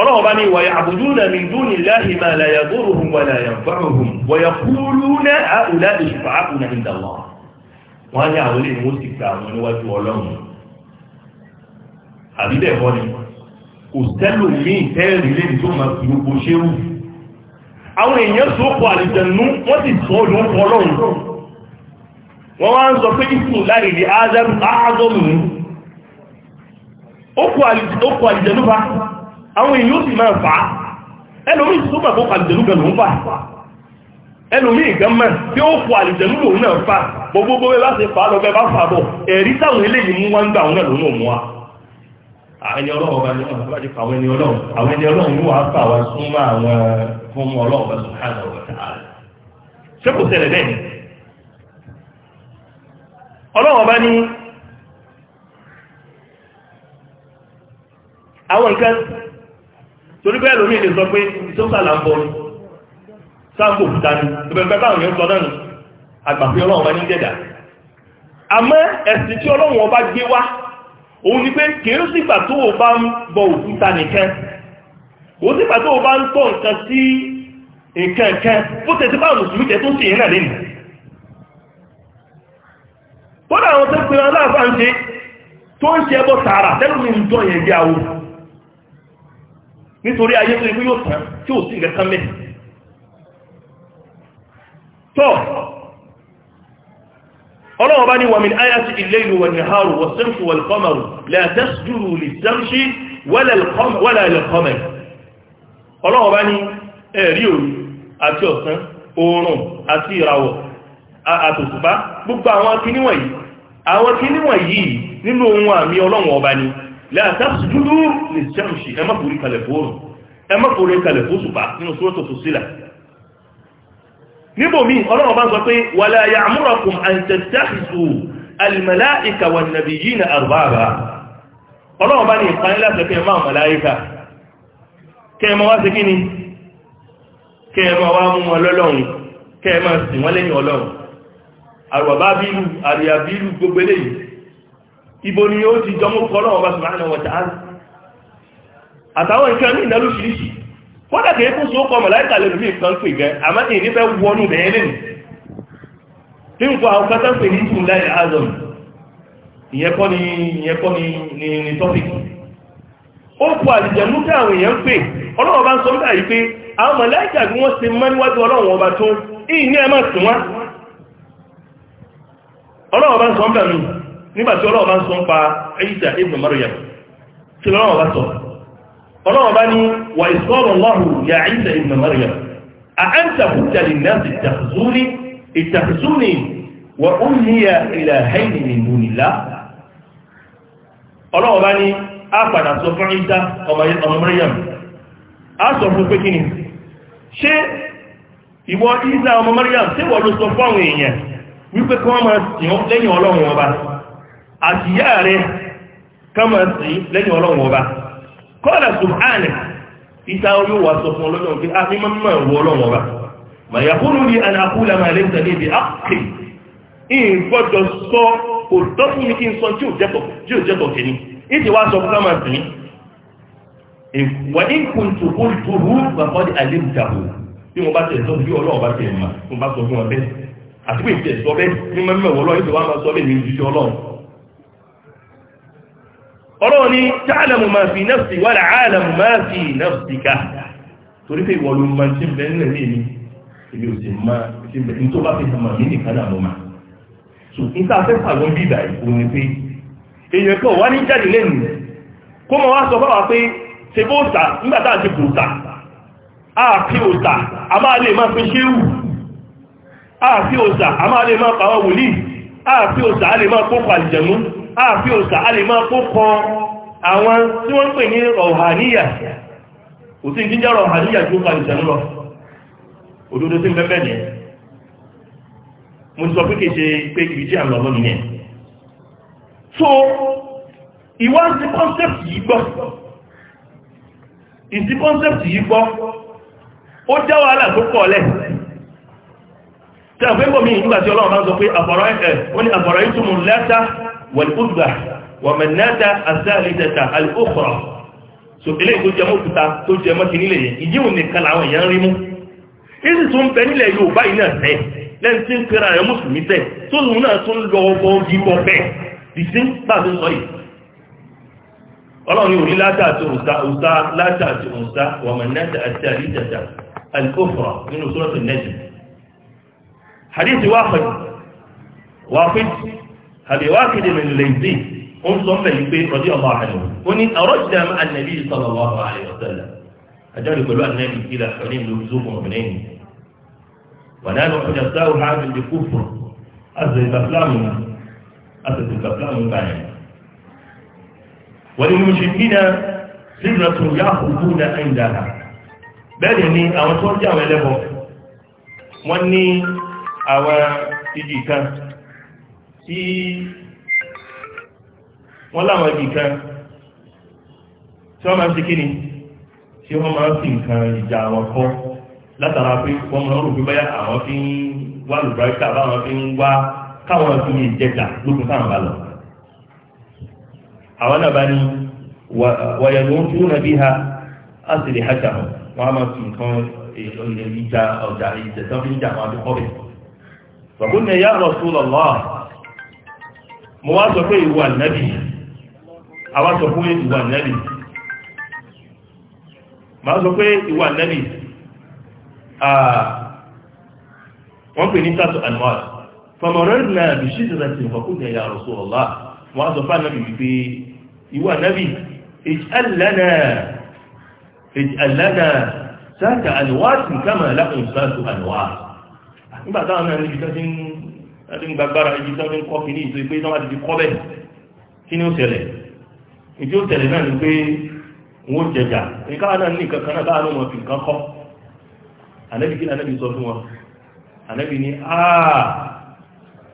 ọlọ́wọ́ bá ní wàyà àbùdúnà min dúnì láhì máa láyà gbóòrùn wà láyà fáàrùn wàyà kúrú náà àùlá ìṣùfà àkùnà ìdàwà wọ́n ní àwọn ilé wọ́n ti gba àwọn níwájú ọlọ́run àbíbẹ̀ bọ́ ni kò sẹ́lò ní ìtẹ́rì lè tó máa fi gbogbo ṣéwù àwọn èèyàn tó pọ̀ àlìjẹ̀nú wọ́n ti sọ ọdún ọlọ́run wọ́n wá ń sọ pé ìfún láì di ágọ́mù ó pọ̀ àlìjẹ̀nú bá àwọn èèyàn sì máa fà á ẹlòmí tó mọ̀ fún àlìjẹ̀lú gan ló ń fà ẹlòmí ìgán mọ̀ tí ó fò àlìjẹ̀lú lòun náà fà gbogbogbò bẹ́ bá ṣe fà á lọ bẹ́ bá fà bọ̀ ẹ̀rí táwọn eléyìí mú wá ń gbà àwọn ẹlòmí òmù wa àwọn ọlọ́run bá ní ọ̀nà bá ti fà àwọn ẹni ọlọ́run àwọn ẹni ọlọ́run yóò wá fà wá súnmọ́ àwọn ọmọ ọlọ́run bá sùn hàn ọ̀rọ̀ tààrà ṣé kò ṣẹlẹ̀ bẹ́ẹ̀ ọlọ́run bá ní àwọn nǹkan torí bẹ́ẹ̀ lómi lè sọ pé ìsọ́sà là ń bọ̀ ni sáàpù òkúta ni ìbẹ̀rẹ̀ báwọn yóò sọ náà àgbàfẹ́ ọlọ́run wọn ní dẹ̀dà àmọ́ ẹ̀sìn tí ọlọ́run ọba gbé wá òun ni pé kìí sígbà tó o bá ń bọ òkúta nìkan kò sígbà tó o bá ń tọ́ nǹkan sí nǹkan kan bó tẹ̀sí báwọn mùsùlùmí tẹ̀ tó sì yẹn náà lẹ́nu kódà àwọn tó ń pe ọlọ́run bá ń ṣe tó ń ṣe ẹbọ tààrà tẹ́lómi ń dọ̀ yẹn bí àwọn nítorí ayé tó ikú yóò tán tí ò sí nǹkan mẹ́ tọ́ ọlọ́wọ́ bá ní wà min ayati al-layli wan-nahari was-shamsu wal-qamaru la tasjudu lish-shamsi wala lil-qamari ọlọ́wọ́ bá ní ẹ̀rí òru àti ọ̀sán oòrùn àti ìràwọ̀ àtòṣùpá gbogbo àwọn kíníwọ̀n nínú ohun àmì ọlọ́wọ́ ọba ni látàsùdúdú lè ṣẹ́mùsì ẹ má forí kalẹ̀ fóònù ẹ má forí kalẹ̀ fóṣùpá nínú sọ́tò tó sílà níbòmí ọlọ́run bá sọ pé wàlá ya'murakum an tattakhizu al-mala'ika wan-nabiyyina arbaba ọlọ́run bá ní ìpáyín láti ẹ̀kẹ́ máa màláíkà kẹ́ẹ̀mọ wá sí kí ni kẹ́ẹ̀mọ wá ibo ni yóò ti jọmú kọlọ́wọ́ bá subhanahu wa ta'ala àtàwọn nǹkan ní ìnà lóṣìíṣìí kọ́dà kìí kún sí ó kọ mọ̀láìkà lè lórí nǹkan pè gẹ́ àmá ní ìnífẹ́ wọnú bẹ̀ẹ́ lẹ́nu tí nǹkan àwọn kátà pè ní tún láì azọm ìyẹn kọ́ ni ìyẹn kọ́ ni ni topic ó kọ àlìjẹ̀mú tí àwọn èèyàn pè ọlọ́wọ́ bá ń sọ nígbà yìí pé àwọn mọ̀láìkà bí wọ́n ṣe mọ́ níwájú ọlọ́wọ́ ọba tó ìyìn ní ẹ má sùn wá ọlọ́wọ́ bá ń sọ nígbà nígbàtí ọlọ́wọ́ bá ń sọ ń pa Isa ibn Maryam tí ọlọ́wọ́ bá sọ ọlọ́wọ́ bá ní wà ìsọ́rọ̀ lọ́hù ya Isa ibn Maryam a an tàbùtà lè náà ti tàfùsúrí ìtàfùsúrí wà ó ní ya ilẹ̀ haini ní múnilá ọlọ́wọ́ bá ní a padà sọ fún ọmọ Maryam tí wọ́n ló sọ fún àwọn èèyàn wípé kí wọ́n máa lẹ́yìn ọlọ́run ọba àtìyá rẹ̀ kama sí lẹ́yìn ọlọ́run ọba kọ́lá subhánà isa yóò wá sọ fún ọlọ́run pé a ní máa máa wọ ọlọ́run ọba mà yà kúrò ní anakúlà máa lẹ́sẹ̀ ní ibi ápè ìgbọ́dọ̀ sọ òtọ́ fún mi kí n sọ tí ò jẹ́tọ̀ kìíní ìdí wá sọ fún kama sí wà ní kùntù kùntùrú bàbá di àlébùtàbù bí mo bá tẹ̀ sọ bí ọlọ́run bá tẹ̀ mà mo bá sọ fún ọ bẹ́ẹ̀ àti pé ìtẹ̀ sọ ọlọ́run ní ta'lamu ma fi na wala a'lamu ma fi nafsika torí pé ìwọ ma máa ṣe mi èmi ò máa ṣe bẹ́ẹ̀ ní tó bá fi hàn mí nìkan náà máa so níta fẹ́ pàgọ́ bí ìgbà ìkó ni pé èèyàn kan wá ní jáde lẹ́nu kó wá sọ pé ṣe bó ta nígbà tá ti a máa lè máa fi a máa lè máa wòlíì a lè máa kó ààfí òsà a lè máa kó kọ àwọn tí wọ́n pè ní rọ̀hàníyà kò sí jíjẹ́ rọ̀hàníyà tó ka ìṣẹ̀nú lọ òdodo sí pẹ́pẹ́ ni mo sọ pé kìí ṣe pé ibi tí a lọ lọ́nà yẹn so ìwádìí concept yìí gbọ́ ìsí concept yìí gbọ́ ó já wàhálà tó pọ̀ lẹ̀ tí a fẹ́ bọ̀ mí ìgbà tí ọlọ́run bá sọ pé àfọ̀rọ̀ ẹ̀ wọ́n ni àfọ̀rọ̀ ìtumù lẹ́ta wal ومن wa manata ath-thalithata al-ukhra so eléyìí tó jẹ mọ́kúta tó jẹ mọ́kí nílẹ̀ yẹn ìdíhùn nìkan làwọn èèyàn rí mú èsì tó ń bẹ nílẹ̀ Yorùbá yìí náà tẹ́ lẹ́yìn tí ń pera rẹ̀ mùsùlùmí tẹ́ tó lù náà tó ń lọ ọgbọ́ yìí bọ́ bẹ́ẹ̀ dìsí gbàgbé sọ yìí ọlọ́run ní látà àti òsá látà àti òsá wàmànáta àti àríjàta alkófà nínú sọ́rọ̀tù nẹ́jì hadithi wáfẹ́ wáfẹ́ àbíwákìdì mẹ́lẹ̀lẹ́sì ó ń sọ mẹ́lẹ̀ pé rọ́dí ọba àrẹ̀wò ó ní àrọ́jìdá ànàbí sallallahu alaihi wasallam àjọ́rì pẹ̀lú ànàbí ìlà ọ̀rẹ́ ìlú zókùn ọ̀bìnrin wọ̀nà ló ń jàdá òhà àbìlì kúfù àtẹ̀tẹ̀fúlàmù àtẹ̀tẹ̀fúlàmù báyìí wọ́n ni mo ṣe bí náà sílẹ̀ tó yá òkú náà ń dára bẹ́ẹ̀ wọ́n ní àwọn ibi kan tí wọ́n láwọn ibi kan tí wọ́n máa ń ṣe kí ni tí wọ́n máa ń fi nǹkan ìjà àwọn kọ́ látara pé wọ́n máa ń rò pé báyà àwọn fi ń wá lùbáríkà báwọn fi ń wá káwọn fi lè jẹjà lókun táwọn bá lọ. àwọn náà bá ní ha á sì lè hájà wọn á máa fi nǹkan ìjà fi ń jà wọn mo wá sọ pé ìwà nẹ́bì àwa sọ pé ìwà nẹ́bì ma sọ pé ìwà nẹ́bì wọ́n pè ní tàtù anwar fọmọ̀rẹ́ na bí sí ìjọba ti fọkúnjẹ ya Rasulullah wọ́n sọ fà nẹ́bì wípé ìwà nẹ́bì ij'al lana ij'al lana sáàtà anwar kama lahum sáàtù nígbà táwọn náà níbi tó ti ń láti ń gbàgbára ibi tí wọ́n kọ́ kìíní ìtò ìpé tọ́wọ́ ti kọ́ bẹ́ẹ̀ kí ni ó ṣẹlẹ̀ ìdí ó ṣẹlẹ̀ náà ni pé wọ́n jẹjà ìká náà ní kankan náà láàrín wọn fi nǹkan kọ́ ànẹ́bí kí ànẹ́bí sọ fún wọn ànẹ́bí ni áà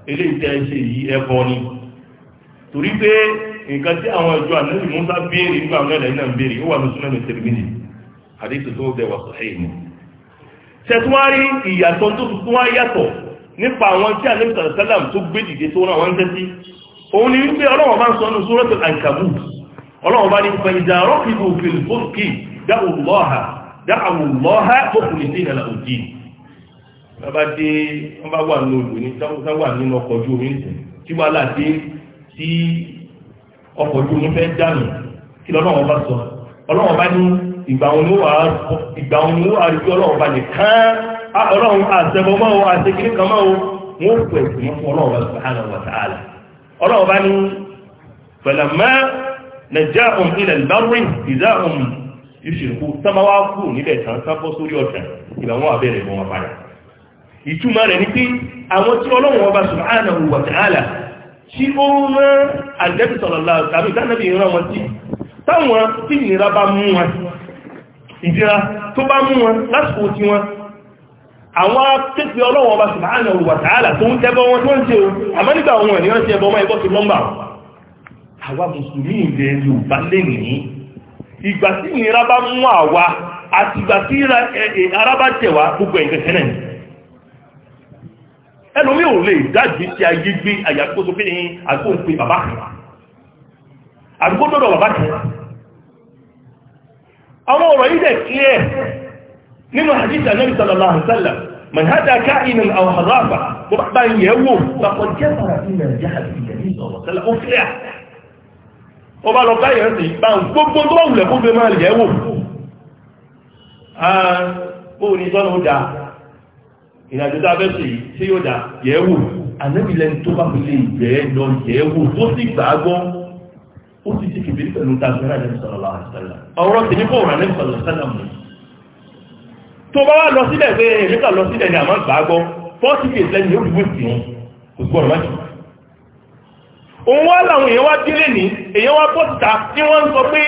ilé ìtẹ́ ṣe yìí ẹbọ ni torí pé nǹkan tí àwọn ìjọ ànẹ́bí Musa béèrè nígbà àwọn ẹ̀rẹ̀ náà béèrè ó wà ní súnmọ́ ìtẹ̀lẹ́mìnì àdéhùn tó bẹ̀ wà sọ̀hẹ́ ìní ṣẹ̀túwárí ìyàtọ̀ tó tún wá yàtọ̀ nípa àwọn tí ànábì sàlẹ̀ sálàm tó gbé dìde tó rán àwọn tẹ́sí òun ni wípé ọlọ́wọ́n bá ń sọ ní súrọ́tù àǹkàbù ọlọ́wọ́n bá ní fa ìdá rọ́kìbù fìlfókì dáhùlọ́ha dáhùlọ́ha fókùnrin sí ìhàlà òjì bàbá dé wọ́n bá wà ní odò ní sáwà nínú ọkọ̀ ojú omi tí wàá là dé tí ọkọ̀ ojú omi fẹ́ dànù kí lọ́wọ́n bá sọ ọlọ́wọ́n bá ní ìgbà òun ni ó wà á rí ọlọ́wọ́n bá nìkan Ah, ọlọ́run àṣẹbọmọ́ o àṣekiri kan mọ́ o wọ́n kò ẹ̀sìn mọ́ fún ọlọ́run subhanahu wa ta'ala ọlọ́run bá ní falamma najjahum ila al-barri ìdá òun ìṣèkú sábàwá kù nílẹ̀ tán sábọ́ sórí ọ̀tàn ìgbà àbẹ̀rẹ̀ ìdíra tó bá mú wọn lásìkò tí wọn àwọn akéèpé ọlọ́wọ́ ọba subhanahu wa ta'ala tó ń tẹ́bọ́ wọn tó ń ṣe o àmọ́ nígbà wọn ni wọ́n ṣe ẹbọ ọmọ ẹgbọ́ ti nọ́mbà àwa mùsùlùmí ilẹ̀ yorùbá lè ní ìgbà tí ìnira bá mú àwa àti ìgbà tí ara bá gbogbo من هذا كائن أو حضارة طبعا يوم فقد كفر فيما جحد في النبي صلى الله عليه وسلم أفلح ọba lọ báyìí ẹ̀sìn ìbáhùn gbogbo tó wùlẹ̀ fún bẹ máa lẹ̀ wò ó ní sọ́nà ó dá ìrìnàjò tó abẹ́sì tí yóò dá yẹ̀wò anẹ́bìlẹ̀ tó bá fi lè jẹ́ lọ yẹ̀wò tó sì gbàgbọ́ ó sì ti kìbí pẹ̀lú tàbí tó bá wá lọ sílẹ̀ pé èmìkà lọ sílẹ̀ ni àmọ́ gbàgbọ́ fọ́tí days lẹ́yìn yóò gbé sí kò gbọ́rọ̀ májì òun wá láwọn èèyàn wá délé ní èèyàn wá pọ́tìta tí wọ́n ń sọ pé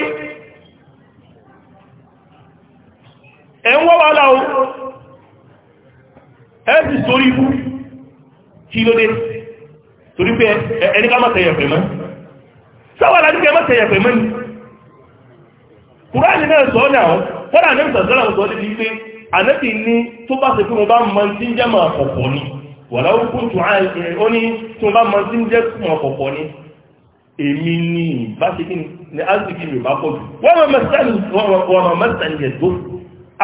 ẹ̀ ń wọ́ wá láwọn ẹ̀ sì sórí ibú kí ló dé torí pé ẹni ká ànábì ni tó bá ṣe pé mo bá mọ tí ń jẹ́ mọ̀ ọ̀pọ̀ ni wàlá ó kún tún á ẹ̀ ó ní tí mo bá mọ tí ń jẹ́ mọ̀ ọ̀pọ̀ ni èmi ní ìbá ṣe kí ni azìkí mi bá pọ̀ jù wọ́n mọ̀ mẹ́sàn-án wọ́n mọ̀ mẹ́sàn-án yẹ̀ tó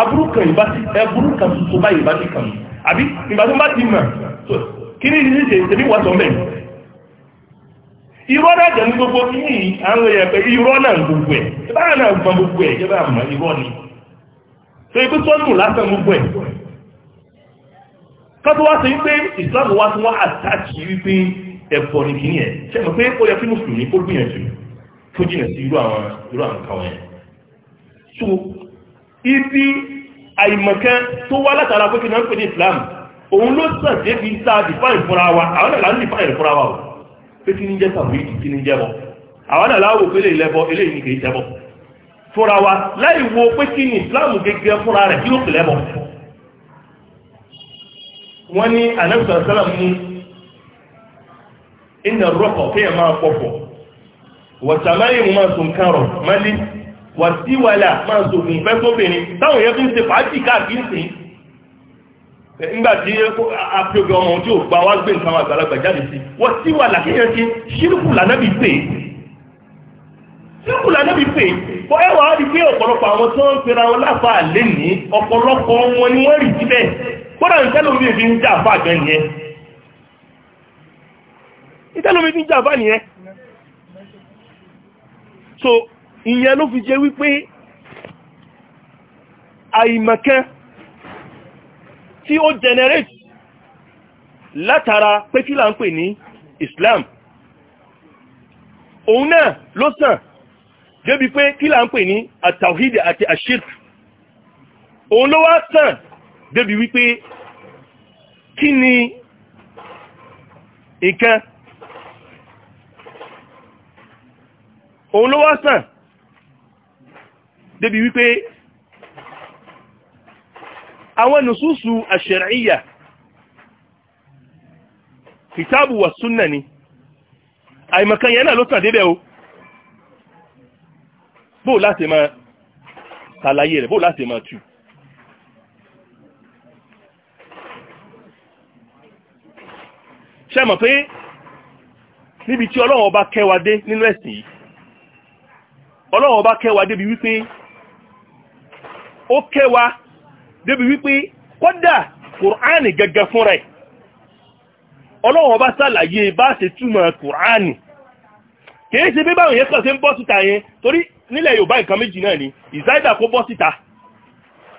aburú kan ìbá ti ẹ burú kan tuntun báyìí ìbá ti kàn mí àbí ìgbà tó bá ti mọ̀ kí ni ìdíje ìṣẹ́bí wà sọ mẹ́rin irọ́ dájẹ̀ ní gbogbo ní àwọn èèyàn pé irọ́ náà gbogbo ẹ̀ ìbára náà gbọ́n gbogbo ẹ̀ yẹ́ bá mọ̀ irọ́ ni tó ikú sọ́nù lásán gbogbo ẹ̀ kọ́tọ́ wá sí wípé islam wá tí wọ́n àtàkì wípé ẹ̀fọ́ ní kìíní ẹ̀ ṣe mọ̀ pé ó yẹ kí mùsùlùmí ó gbìyànjú tó jìnà sí irú àwọn irú àwọn kan ẹ̀ so ibi àìmọ̀kẹ́ tó wá látara pé kí náà ń pè islam òun ló sàn débi tá a define fúnra wa àwọn náà láti wa o pé kí ní jẹ́ sàbí kí ní jẹ́ bọ̀ àwọn náà láwò pé lè lẹ́bọ̀ eléyìí fúnra wa láì wo pé kí ni islam gẹ́gẹ́ fúnra rẹ̀ kí ló pè lẹ́bọ̀ wọ́n ní anẹ́bùsọ̀ sẹ́lẹ̀ mú iná rọ́pọ̀ kéèyàn máa pọ̀pọ̀ wọ̀tàmáyé mú máa sùn kárọ̀ málí wàtíwàlà máa sùn fẹ́ sóbìnrin táwọn yẹ́ fi ń ṣe fàájì káàkiri sí nígbàtí apẹ́gbẹ̀ ọmọ tí ó gba wá gbé nǹkan àgbàlagbà jáde sí wàtíwàlà kéèyàn ṣe síkù lànà bí pé kọ ẹ wàá di pé ọ̀pọ̀lọpọ̀ àwọn tí wọ́n ń pera wọn láfa àlẹ́ ní ọ̀pọ̀lọpọ̀ wọn ni wọ́n rì síbẹ̀ kódà ìtẹ́lómi fi ń jà fà gan nìyẹn ìtẹ́lómi fi ń jà fà nìyẹn so ìyẹn ló fi jẹ́ wípé àìmọ̀kẹ́ tí ó generate látara pé kí là ń pè ní Islam òun náà ló sàn débi pé kí là ń pè ní àtàwídì àti àṣírk òun ló wá tàn débi wípé kí ni nǹkan òun ló wá tàn débi wípé àwọn nùsùsù àṣẹ̀ríyà kìtàbù wà súnnà ni àìmọ̀kan yẹn náà ló tàn débẹ̀ o bóò láti máa ṣàlàyé rẹ̀ bóò láti máa tù ṣe mọ̀ pé níbi tí ọlọ́run ọba kẹwàdé nínú ẹ̀sìn yìí ọlọ́run ọba kẹwàá débi wípé ó kẹwàá débi wípé kódà kùránì gẹ́gẹ́ fún rẹ̀ ọlọ́run ọba ṣàlàyé bá ṣe túmọ̀ kùránì kìí ṣe bí báwọn yẹn kàn ṣe ń bọ́ síta yẹn torí nílẹ̀ Yorùbá nǹkan méjì náà ni ìsáìdà kó bọ́ síta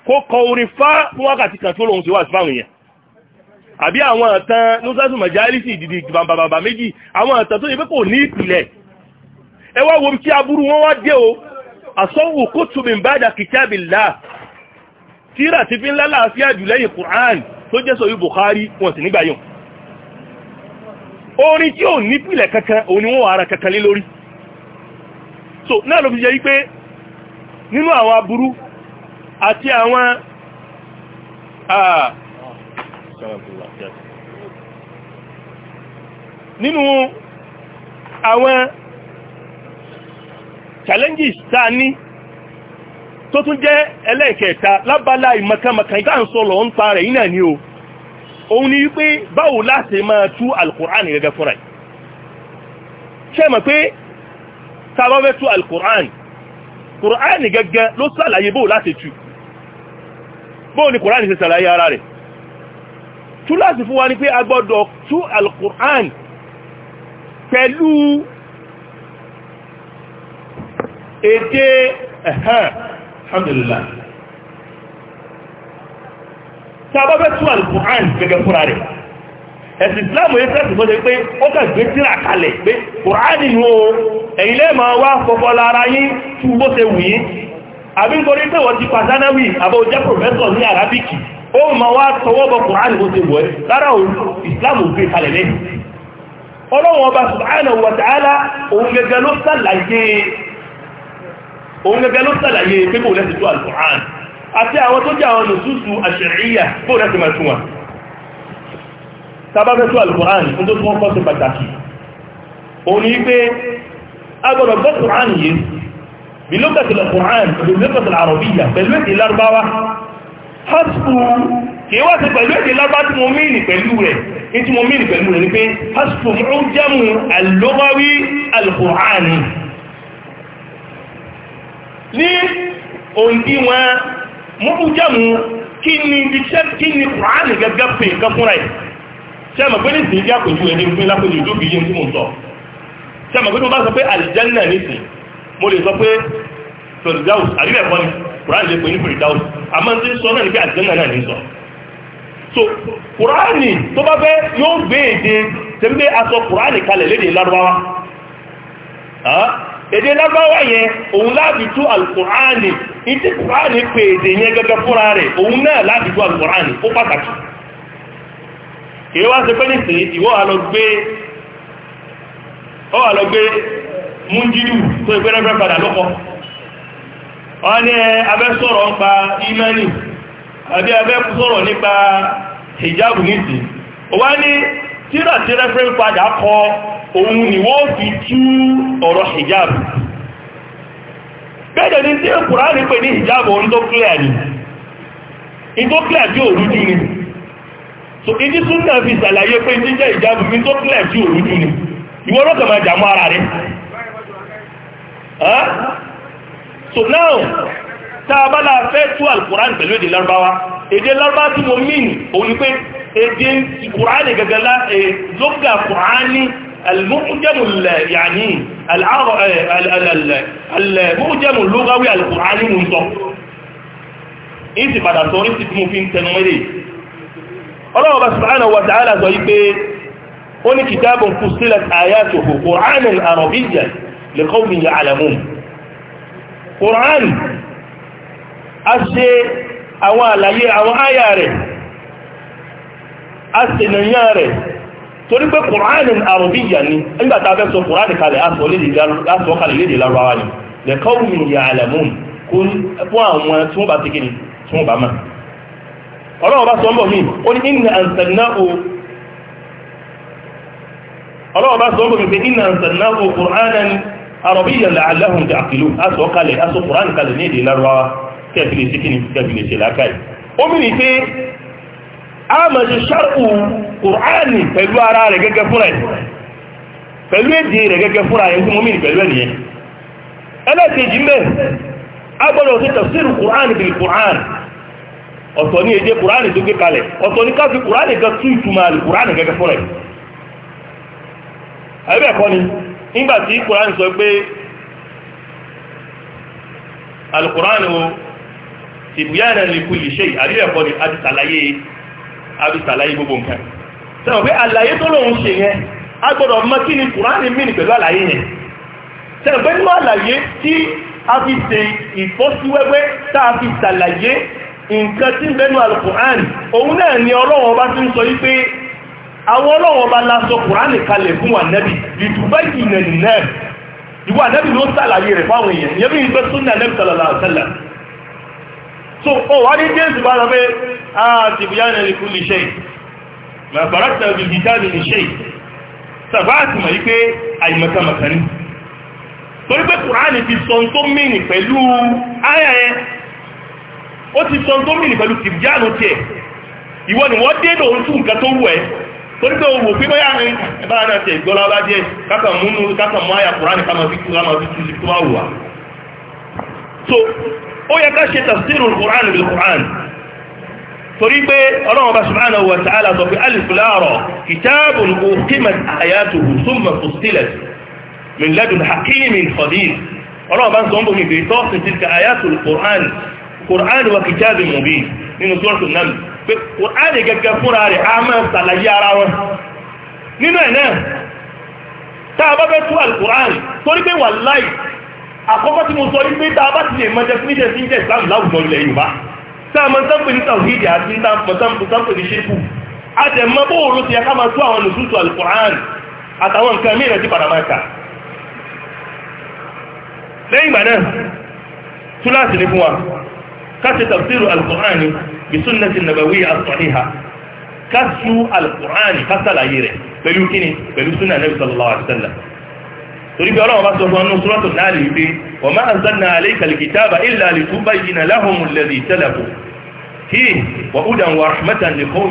kó kọ orin fá fún wákàtí kan tó lòun ti wà sí fáwọn èèyàn àbí àwọn ọ̀tàn nùsàtù màjálìsì ìdìdì bàbàbà méjì àwọn ọ̀tàn tó yẹ pé kò ní ìpìlẹ̀ ẹ wá wo kí aburú wọn wá dé o àsọ́wò kó tóbi ń bá dà kìtàbíllàh tíra ti fi ńlá láàfíà jù lẹ́yìn Qur'an tó jẹ́ sọ̀rí Bukhari wọn sì nígbà yàn orin tí ò nípìlẹ̀ kankan òun ni wọ́n ara kankan lé lórí so náà ló fi jẹ́ wípé nínú àwọn aburú àti àwọn nínú àwọn challenges tá ní tó tún jẹ́ ẹlẹ́ẹ̀kẹta lábálá ìmọ̀kànmọ̀kàn ìgbà ń sọ́lọ̀ ń pa rẹ̀ iná ni o òun ni wípé báwo láti máa tú alkùránì gẹ́gẹ́ fúnra ṣe mọ̀ pé tàbábẹ́ tú al-Qur'an Qur'an gẹ́gẹ́ ló sàlàyé bóò láti tú bóò ni Qur'an ṣe sàlàyé ara rẹ̀ tú láti fún wa ní pé a gbọ́dọ̀ tú al-Qur'an pẹ̀lú èdè ẹ̀hàn alhamdulillah tàbábẹ́ tú al gẹ́gẹ́ fúnra rẹ̀ ẹ̀sìn islam yẹ́ sẹ́sì tó ṣe pé ó kà gbé tíra kalẹ̀ pé kùránì ní o ẹ̀yin lè máa wá fọ́fọ́ lára yín tún bó ṣe wù yín àbí ń kọrí pé wọ́n ti pàtánẹ́wì àbọ̀ jẹ́ pòfẹ́sọ̀ ní arábíkì ó ma wá tọwọ́ bọ kùránì bó ṣe wù lára òun tàbábẹ́tù alkùnrán fún tó tún kọ́ sí pàtàkì òun ni pé agbọ̀dọ̀ gbọ́kùnrán yìí bí lókàtìlẹ̀ kùnrán bí lókàtìlẹ̀ àrọ̀bíyà pẹ̀lú èdè lárúbáwá hasbu kìí wá sí pẹ̀lú èdè lárúbá tí mo mìírì pẹ̀lú rẹ̀ ní tí mo mìírì pẹ̀lú rẹ̀ ni pé hasbu mú jẹ́mu alógáwí alkùnrán ṣe mọ̀ pé nísìnyí bí àpèjú ẹni fún lápèjú ìlú bí yín tí mo sọ ṣe mọ̀ pé tó bá sọ pé àlìjánà nísìn mo lè sọ pé fèrèdáùs àríwẹ̀ kọ́ni kùrán lè pè ní fèrèdáùs àmọ́ tí ń sọ náà ní pé àlìjánà náà ní sọ so kùránì tó bá fẹ́ yóò gbé èdè tẹ́gbẹ́ aṣọ kùránì kalẹ̀ lédè lárúbáwá èdè lárúbáwá yẹn òun láti tú alkùránì ìdí kùránì pè èdè yẹn gẹ́gẹ́ fúnra rẹ̀ òun náà láti tú alkùránì ó pàtàkì kìí wá ṣe pé nìsín ìwọ àlọ gbé ọ múndínú tó ìgbé rẹ́fẹ́ padà ní abẹ́ imani àbí abẹ́ sọ̀rọ̀ nípa hijabu nìsín wá ní tíra tí rẹ́fẹ́ kọ ni wọ́n fi tú ọ̀rọ̀ hijabu bẹ́ẹ̀dẹ̀ ni tí Kùránì pè ní hijabu ohun tó clear ni so ìdí súnà fi ṣàlàyé pé jíjẹ́ ìjábù mi tó kílẹ̀ sí òrújú ni ìwọ ló kàn máa jà mọ́ ara rẹ̀ so now tá a bá la fẹ́ tú alukuran pẹ̀lú èdè lárúbáwá èdè lárúbáwá tí mo mean òun ni pé èdè kùránì gẹ́gẹ́ lá eh, lóga kùránì المعجم يعني المعجم اللغوي القرآني منطق إيه تبدا سوري تتمو فين تنمري ọlọ́wọ́ bá subhanahu wa ta'ala sọ yí pé ó ní kitabun fussilat ayatuhu qur'anan arabiyyan liqawmin ya'lamun qur'an a ṣe àwọn àlàyé àwọn àyà rẹ̀ a ṣe nàyà rẹ̀ torí pé qur'anan arabiyyan ni nígbàtà fẹ́ sọ qur'an kalẹ̀ aṣọ kalẹ̀ ọlọ́run bá sọ mọ̀ mí ó ní inna anzalnahu ọlọ́run bá sọ mọ̀ mí pé inna anzalnahu qur'anan arabiyyan la'allahum ya'qilun aṣọ kalẹ̀ aṣọ qur'an kalẹ̀ ní èdè lárúbáwá kẹfìlẹ̀ sí kíni kẹfìlẹ̀ sí lákàì ó mì ní pé a mọ̀ sí ọ̀tọ̀ ní èdè kùránì tó gbé kalẹ̀ ọ̀tọ̀ ní káfí kùránì gan tú ìtumọ̀ àlè kùránì gẹ́gẹ́ fún rẹ̀ ẹgbẹ́ ẹ̀kọ́ ni nígbà tí kùránì sọ pé alùkùránì o tìbíyànà lè kú lè ṣe àríwẹ̀ ẹ̀kọ́ ni àti sàlàyé àti sàlàyé gbogbo nǹkan sẹ́wọ̀n pé àlàyé tó lóun ṣe yẹn a gbọ́dọ̀ mọ̀ kí ni kùránì mìíràn pẹ̀lú àlàyé yẹn sẹ́wọ̀n pé nínú àlàyé tí a fi ṣe ìfọ́síwẹ́wẹ́ tá a fi sàlàyé nǹkan tí ń bẹnu alùkùránì òun náà ni ọlọ́wọ́ bá ti ń sọ wípé àwọn ọlọ́wọ́ bá lásọ kùránì kalẹ̀ fún wa nẹ́bì ìdúbẹ́ ìnẹ̀nì náà ìwà nẹ́bì ló sàlàyé rẹ̀ fáwọn èèyàn so ó wá ní jésù bá rẹ̀ àti ìbúyá ní ẹni kún iṣẹ́ mà bàrátà bí ìjá ní iṣẹ́ sàbáàtì mọ̀ wípé àìmọ̀kàmọ̀kà ní torí pé kùránì ti sọ tó mìnì pẹ̀lú ayẹyẹ ó ti sọ gómìnì pẹ̀lú tìbíjáàlù tiẹ̀ ìwọ ni wọ́n dé lòun tún nǹkan tó wù ẹ́ torí pé òwò pé bóyá ní ẹ̀bára náà tẹ̀ ìgbọ́lá bá díẹ̀ kákan múnú kákan mú àyà kùránì ká máa fi kú lámà fi tú sí tó wà wà so ó yẹ ká ṣe tafsiru kùránì bí kùránì torí pé ọlọ́run bá subhanahu wa ta'ala sọ pé alif láàrọ̀ kitabun uqimat ayatuhu thumma fussilat min ladun hakimin khabir ọlọ́run bá ń sọ ń bọ̀ mi pé tọ́sí tilka ayatul kùránì Qur'an wa kitabin mubin nínú sọ́ọ̀tún náà pé Qur'an gẹ́gẹ́ fúnra rẹ̀ a máa ṣàlàyé ara wọn nínú ẹ̀ náà tá a bá fẹ́ tú al-Qur'an torí pé wallahi àkọ́kọ́ tí mo sọ ní pé tá a bá ti lè mọ definition sí jẹ́ Islam láwùjọ ilẹ̀ Yorùbá tá a mọ sáǹpẹ̀ lẹ́yìn ìgbà náà túláàsì ní fún wa káṣe tafsiru alkùránì bí súnnàtí nàbàwíyà àtọ̀níhà káṣu alkùránì kásàlàyé rẹ̀ pẹ̀lú kíni pẹ̀lú súnnà nàbì sallallahu alaihi wasallam torí bí ọlọ́wọ́ bá sọ fún ọ́nà sọ́rọ̀tọ̀ náà lè wípé wọ́n máa zanna aléìkàlì kìtàbà ilẹ̀ alìkúbá ìjìnà láhùnmù lẹ́dì tẹ́lẹ̀kù kí wà údàn wà rahmatan lè kọ́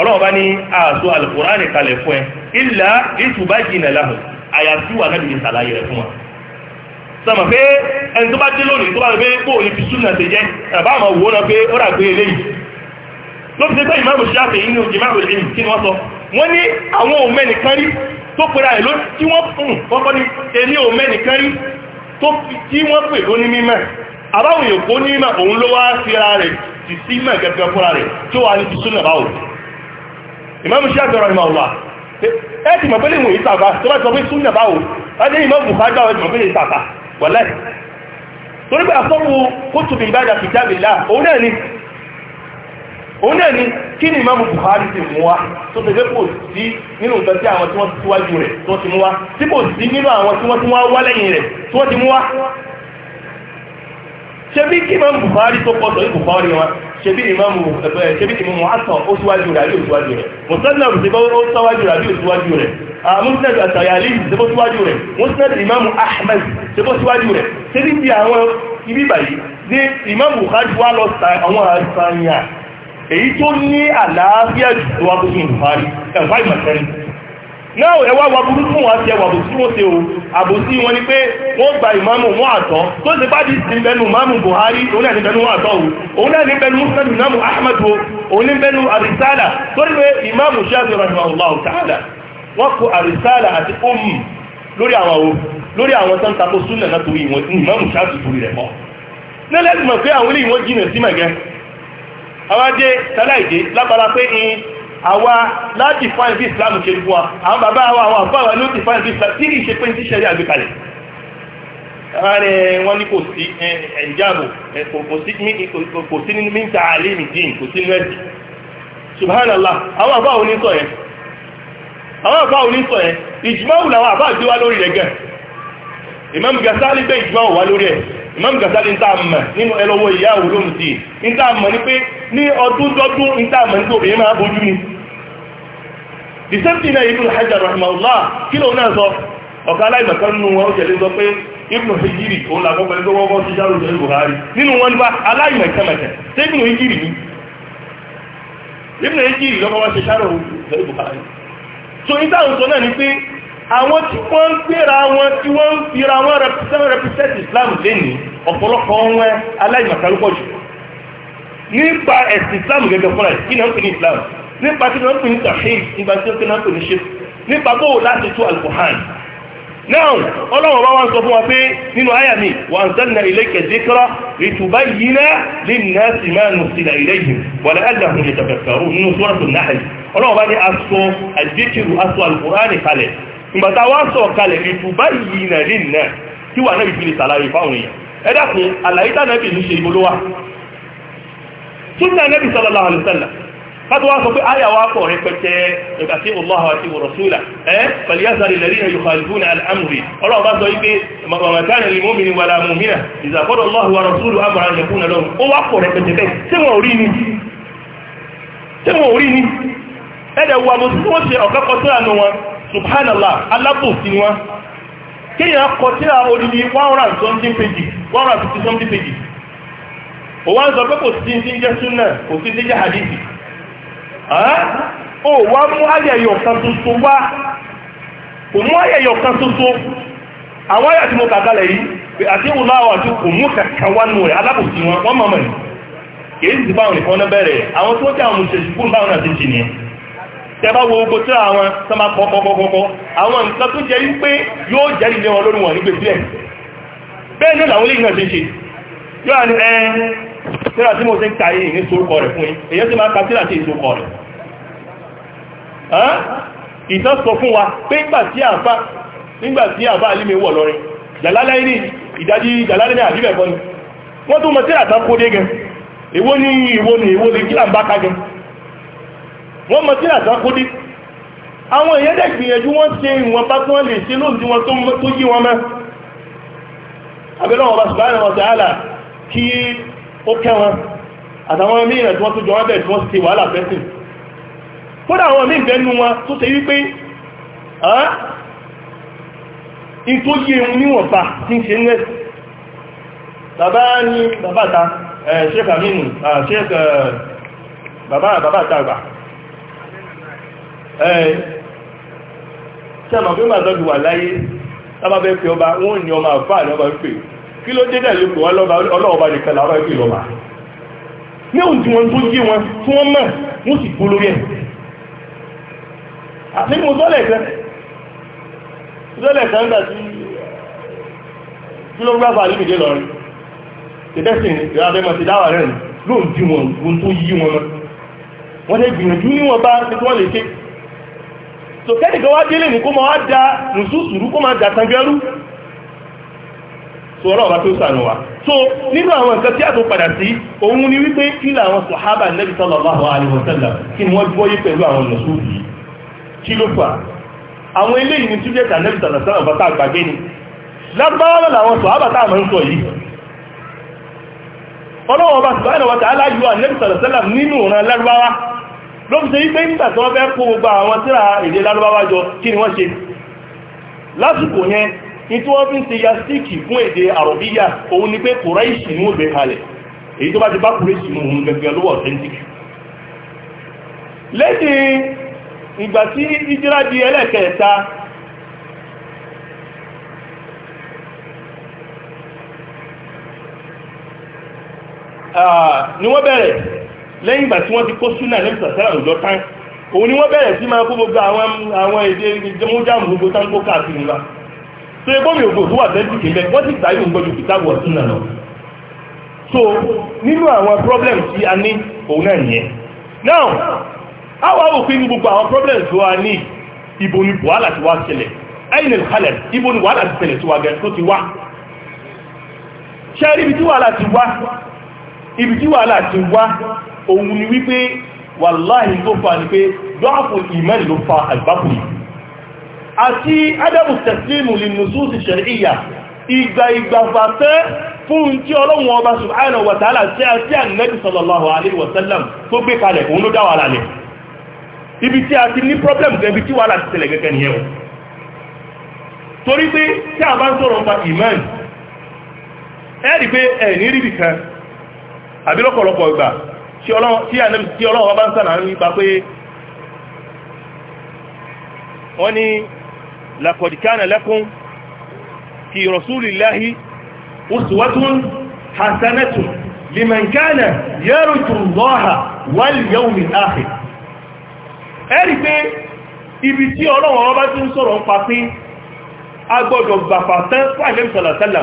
ọlọ́wọ́ bá ní àṣọ alìkùránì kalẹ̀ fún ẹ ilẹ̀ ìtùbá ìjìnà láhùn àyàtí wà náà sọmọ̀ pé ẹni tó bá dé lónìí tó bá rẹ̀ pé kó ní fi súnà tẹ jẹ́ ẹ̀bá àmọ́ wò náà pé ó rà pé eléyìí ló fi pé ìmáàmù ṣáàfì inú ìmáàmù ìlú kí ni wọ́n sọ wọ́n ní àwọn òmẹ́ni kan rí tó pèrà ẹ̀ ló tí wọ́n ti sí mọ̀ gẹ́gẹ́ fúnra rẹ̀ tó wà ní ti súnà báwò ìmáàmù ṣáàfì ọ̀rọ̀ ìmọ̀ ọ̀la ẹ ti mọ̀ pé lè wọ̀nyí tàbá tó bá sọ pé súnà wàláì torí pé àfọ́wò kótù bí ìbádà fi jáde láà òun náà ni òun náà ni kí ni ìmáàmù Buhari ti mú wa tó tẹ̀lé kò sí nínú nǹkan tí àwọn tí wọ́n ti síwájú rẹ̀ tí ti mú wa tí kò sí nínú àwọn tí wọ́n ti wá wá lẹ́yìn rẹ̀ tí ti mú wa ṣebí kí imam buhari tó kọ́ sọ̀rọ̀ buhari wa ṣebí imam ṣebí imam muhasan ó síwájú rẹ̀ àbí ó síwájú rẹ̀ musallam ṣe bá ó síwájú rẹ̀ àbí ó síwájú rẹ̀ musnad asayali ṣe bó síwájú rẹ̀ musnad imam ahmed ṣe bó síwájú rẹ̀ ṣebí ti àwọn ibi báyìí ní imam buhari wá lọ sa àwọn àṣàyàn èyí tó ní àlàáfíà jù tó wá tó sí buhari ẹ̀fà ìmọ̀sẹ́rin náà ẹwà wà burú fún wọn ti ẹwà bò sí wọn ṣe o àbòsí wọn ni pé wọ́n gba ìmáàmù wọn àtọ́ tó ṣe bá dìsí bẹnu ìmáàmù Buhari òun náà ní bẹnu wọn àtọ́ o òun náà ní bẹnu muslim ìmáàmù Ahmad o òun ní bẹnu arisala tó ní pé ìmáàmù Shafi rahimahullah ta'ala wọ́n kó arisala àti omi umm lórí àwọn o lórí àwọn tó ń tako súnà náà torí ìwọ̀n ìmáàmù Shafi torí rẹ̀ mọ́ nílẹ̀ tí mọ̀ pé àwọn ilé ìwọ̀n jìnà sí mẹ̀gẹ́ àwọn adé sáláìdé lábala pé ní àwa láti fáyẹ̀ bí ìsìláàmù ṣe fún wa àwọn bàbá àwọn àwọn àfáwà ló ti fáyẹ̀ bí ìsìláàmù tí ìṣe pé ti ṣẹlẹ̀ àgbékalẹ̀ ààrẹ wọn ní kò sí ẹ̀jáàbò kò sí nínú mínta dín kò sí nínú subhanallah àwọn àfáà onísọ̀ yẹn ìjùmọ̀ wù làwọn àfáà gbé wá lórí rẹ̀ Imam Ghazali gbé ìjọ wà lórí ẹ̀ Imam Ghazali ń tà mọ̀ nínú ẹlọ́wọ́ ìyá òwúrò mi sí ń tà mọ̀ ní pé ní ọdún dọ́dún ń tà mọ̀ nípa obìnrin máa bójú ni the same thing na Ibn Hajar rahimahullah kí lóun náà sọ ọ̀ká aláìmọ̀kan nínú wọn ó jẹ́ lé sọ pé ibùn hijiri òun làkọ́ pẹ̀lú so ìtàwọn sọ náà ni pé àwọn tí wọ́n ń gbéra wọn tí wọ́n ń fira wọn represent islam lẹ́ni ọ̀pọ̀lọpọ̀ wọn aláìmọ̀kálùpọ̀ jù nípa ẹ̀sìn islam gẹ́gẹ́ fúnra ẹ̀ kí ni wọ́n pè ní islam nípa kí ni wọ́n pè ní tawhid nípa tí wọ́n pè ní ṣe nípa bó láti tú al-Qur'an náà ọlọ́wọ̀n bá wọ́n sọ fún wa pé nínú àyà mi wa anzalna ilayka dhikra litubayyina linnasi ma nuzila ilayhim wa la'allahum yatafakkarun nínú Suratun Nahl ọlọ́wọ̀n bá ní aṣọ àdékìrù aṣọ al-Qur'an ìgbàta wá sọ kalẹ̀ ní tùbá yìí nà lè nà kí wà náà ìfìlè sàlàyé fáwọn èèyàn ẹ dákun àlàyé tá náà bèèrè ṣe ìbolo wa sunna wá sọ mọ̀ sí wọ́n ṣe ọ̀kẹ́kọ̀ọ́ sí àánú wọn subhanallah alábòsí wọn kéèyàn kọ tí a odidi one hundred and something pages one hundred and fifty something pages òwò àwọn sọ pé kò sí ti ń jẹ́ súnà kò sí ti ń jẹ́ hadithi ó wá mú ayẹyọ kan tuntun wá kò mú ayẹyọ kan tuntun àwọn ayẹyọ tí mo kà kalẹ̀ yìí àti ìwòlá àwọn àti kò mú kankan wá nù rẹ̀ alábòsí wọn wọ́n mọ̀ mọ̀ kì í sì báwọn nìkan náà bẹ̀rẹ̀ àwọn tó jẹ́ àwọn mùsùlùmí báwọn náà ti jì tẹ́bá wo ogbó tí àwọn sọmá pọ̀pọ̀pọ̀pọ̀ àwọn nǹkan tó jẹ́ wípé yóò jẹ́ ilé wọn lórí wọn nígbè sílẹ̀ bẹ́ẹ̀ ní làwọn olóyìn náà ṣe ṣe yóò ní ẹ tíra tí mo ṣe ń ka yìí ní sórúkọ rẹ̀ fún yín èyí tí máa ka tíra tí ìsórúkọ rẹ̀ ìtàn sọ fún wa pé nígbà tí àbá nígbà tí àbá alími wọ̀ lọ́rin jàlálẹ́ ní ìdájí jàlálẹ́ ní àbíbẹ̀ fọ́ni wọ́n tó mọ̀ tíra tán kó dé gan èwo ni ìwo ni ìwo ni kílà ń bá ká gan wọ́n mọ̀ sí àtàkúdí àwọn èèyàn dẹ̀ gbìyànjú wọ́n ṣe ìwọ̀n bá tí wọ́n lè ṣe lóòdí wọn tó yí wọn mẹ́ abẹ́lẹ́ wọn bá subhanahu wa ta'ala kí ó kẹ́ wọn àtàwọn mìíràn tí wọ́n tó jọ wọ́n bẹ̀rẹ̀ tí wọ́n ṣe wàhálà fẹ́sìn kódà àwọn míì bẹ́nu wọn tó ṣe wípé in tó yí ewu níwọ̀nba tí ń ṣe ń lẹ́sì bàbá ní bàbá ta ṣẹ́kà mínú ṣẹ́kà ẹ̀ sẹ́mọ̀ pé màá tọ́jú wà láyé sábà fẹ́ pé ọba wọ́n ní ọmọ àfáà ní ọba wípé kí ló dé dẹ̀lú pé ọlọ́ọba nìkan làwọn ẹgbẹ́ ìlọ́ba ní òun tí wọ́n tó yé wọn tí wọ́n mọ̀ wọ́n sì kú lórí ẹ̀ àti mo sọ́lẹ̀ kan sọ́lẹ̀ kan gbà sí kílógráfà límìdé lọ́rin tẹ̀dẹ́sìn ìrádẹ́mọ̀ ti dáwà rẹ̀ lóòdí wọn tó yí wọn wọ́n lè gbìyànjú níwọ̀n bá tí wọ́n lè ṣe sòkẹ́nìkan wá délé ní kó máa da nùsùsùrú kó máa da tangẹ́rú so ọlọ́ọ̀bá tó sànù wa so nínú àwọn nǹkan tí a tó padà sí òun ni wípé kí làwọn sọ̀hábà nẹ́bí sallallahu alaihi wasallam kí ni wọ́n gbọ́yé pẹ̀lú àwọn nùsùsù yìí kí ló fà àwọn eléyìí ni tí jẹ́ta nẹ́bí sallallahu bá tá àgbàgbé ni lábáwọ́ làwọn sọ̀hábà tá àmọ́ ń sọ yìí ọlọ́wọ́ bá sọ̀hábà nínú ìran lárúbáwá ló fi ṣe wípé nígbà tí wọ́n fẹ́ kó gbogbo àwọn tíra èdè lárúbáwá jọ kí ni wọ́n ṣe lásìkò yẹn ní tí wọ́n fi ń ṣe ya síkì fún èdè àrọ̀bíyà òun ni pé kòrẹ́ìṣì ní òbẹ̀ kalẹ̀ èyí tó bá ti bá kòrẹ́ìṣì mú òun gẹ̀gẹ̀ lówó authentic lẹ́yìn ìgbà tí ìjírá di ẹlẹ́kẹ̀ẹ́ta ah, ni lẹ́yìn ìgbà tí wọ́n ti kó súnà lẹ́yìn sàṣẹ́rà òjò tán òun ni wọ́n bẹ̀rẹ̀ sí máa kó gbogbo àwọn àwọn èdè jẹmújàmù gbogbo tán kó káàkiri wa tó ẹgbọ́n mi ògbò fún àtẹ́jú kì í wọ́n ti gbà yóò gbọ́jú kìtàbù ọ̀túnà lọ so nínú àwọn problem tí a ní òun náà nìyẹn now àwọn òfin gbogbo àwọn problem tó a ní ibo ni wàhálà ti wá ṣẹlẹ̀ ẹ̀yìn ìkàlẹ̀ ibo ni wàhálà ti ṣẹlẹ̀ tó ti wá ibi tí wàhálà ti wá òun ni wípé wàláhì tó fa ni pé dọ́àfù ìmẹ́lì ló fa àgbákù yìí àti adabu tẹ̀sílìmù lè nùsù sí ṣẹ̀ríyà ìgbà ìgbàfàfẹ́ fún tí ọlọ́run ọba sallallahu alaihi wasallam tó gbé kalẹ̀ òun ló dá problem gẹ̀bi tí wàhálà ti tẹ̀lẹ̀ gẹ́gẹ́ ni ẹ̀wọ̀n torí pé tí a bá ń sọ̀rọ̀ ẹ̀rí pé ẹ̀ ní ríbi kan àbí ìgbà tí ọlọ́wọ́ bá ń sànà nípa pé wọ́n ní laqad kana lakum fi rasulillahi uswatun hasanatun liman kana yarju Allaha wal yawmil akhir ẹ̀rí pé ibi tí ọlọ́wọ́ bá tún sọ̀rọ̀ ń pa agbọ́dọ̀ gbàfà tán fún àlẹ́mùsọ̀lá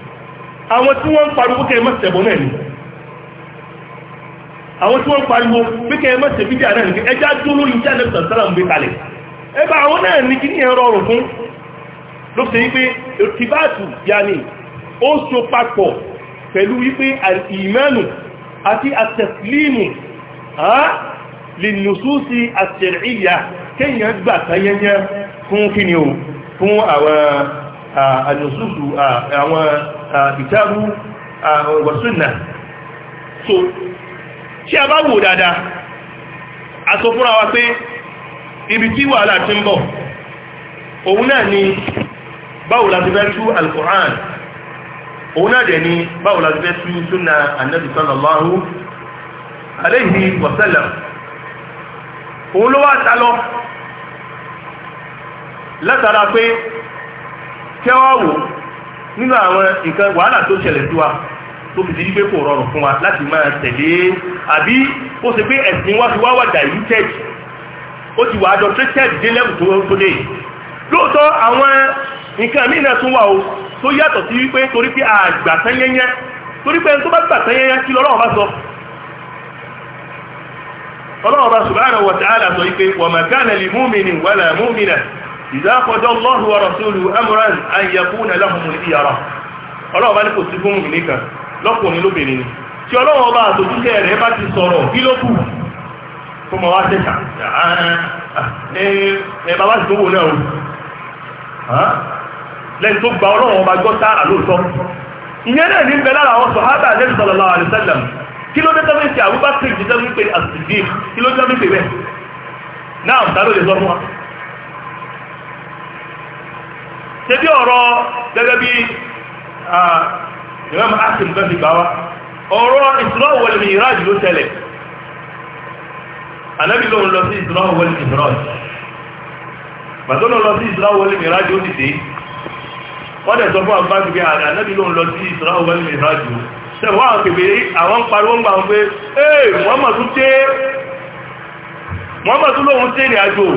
àwọn tí wọ́n ń pariwo kẹ́ mọ́ ṣẹ̀bọ̀ náà ni àwọn tí wọ́n ń pariwo kẹ́ mọ́ ṣẹ̀bí díà náà ni ẹjá dúró yìí jáde sàtàrà ń gbé kalẹ̀ ẹgbà àwọn náà ní kí ní ẹ̀rọ ọ̀rùn fún ló fi wípé tìbáàtù yanni ó so papọ̀ pẹ̀lú wípé ìmánù àti àtẹ̀sílímù lè nùsúsí àṣẹ̀ríyà kìtàbù wàsúnà so tí a bá wò dáadáa a sọ fúnra wa pé ibi tí wàhálà ti ń bọ̀ òun náà ni báwo la ti fẹ́ tú al-Qur'an òun náà dẹ̀ ni báwo la ti fẹ́ tú súnà annabi sallallahu alayhi wa sallam òun ló wá sálọ látara pé kẹwàá wò nínú àwọn nǹkan wàhálà tó ṣẹlẹ̀ sí wa tó fi di wípé kò rọrùn fún wa láti máa tẹ̀lé àbí ó ṣe pé ẹ̀sìn wa fi wá wà diluted ó ti wà adulterated dé level tó tó dé lóòótọ́ àwọn nǹkan míì náà tún wà o tó yàtọ̀ sí wípé torí pé àgbà tán yẹnyẹn torí pé tó bá gbà tán yẹnyẹn kí lọ́lọ́wọ́ bá sọ ọlọ́wọ́ bá subhanahu wa ta'ala sọ wípé wa ma kana li mu'minin wala mu'minatin ìdá àkọjọ́ Allahu wa rasuluhu amran an yakuna lahumul khiyara ọlọ́wọ́ bá ní kò sí fún mi nìkan lọ́kùnrin lóbìnrin ni tí ọlọ́wọ́ bá àtòjúṣe rẹ̀ bá ti sọ̀rọ̀ kí ló kù fún mọ̀ wá tẹ́ta ẹ bàbá sì tó wò náà o lẹ́yìn tó gba ọlọ́wọ́ bá gbọ́ sáà lóòótọ́ ìyẹn náà ní bẹ ṣebí ọ̀rọ̀ gẹ́gẹ́ bí ìwé asim kan ti gbà wá ọ̀rọ̀ Isra wal Miraj ló tẹ̀lẹ̀ anábì ló ń lọ sí Isra wal Miraj bàtọ́ ló lọ sí Isra wal Miraj ó dìde wọ́n dẹ̀ sọ fún àwọn báńkì pé anábì ló ń lọ sí Isra wal Miraj ó sẹ́wọ́n àwọn kèbèrè àwọn ń pariwo ń gbà wọn pé ee Muhammad tún dé Muhammad tún ìrìn àjò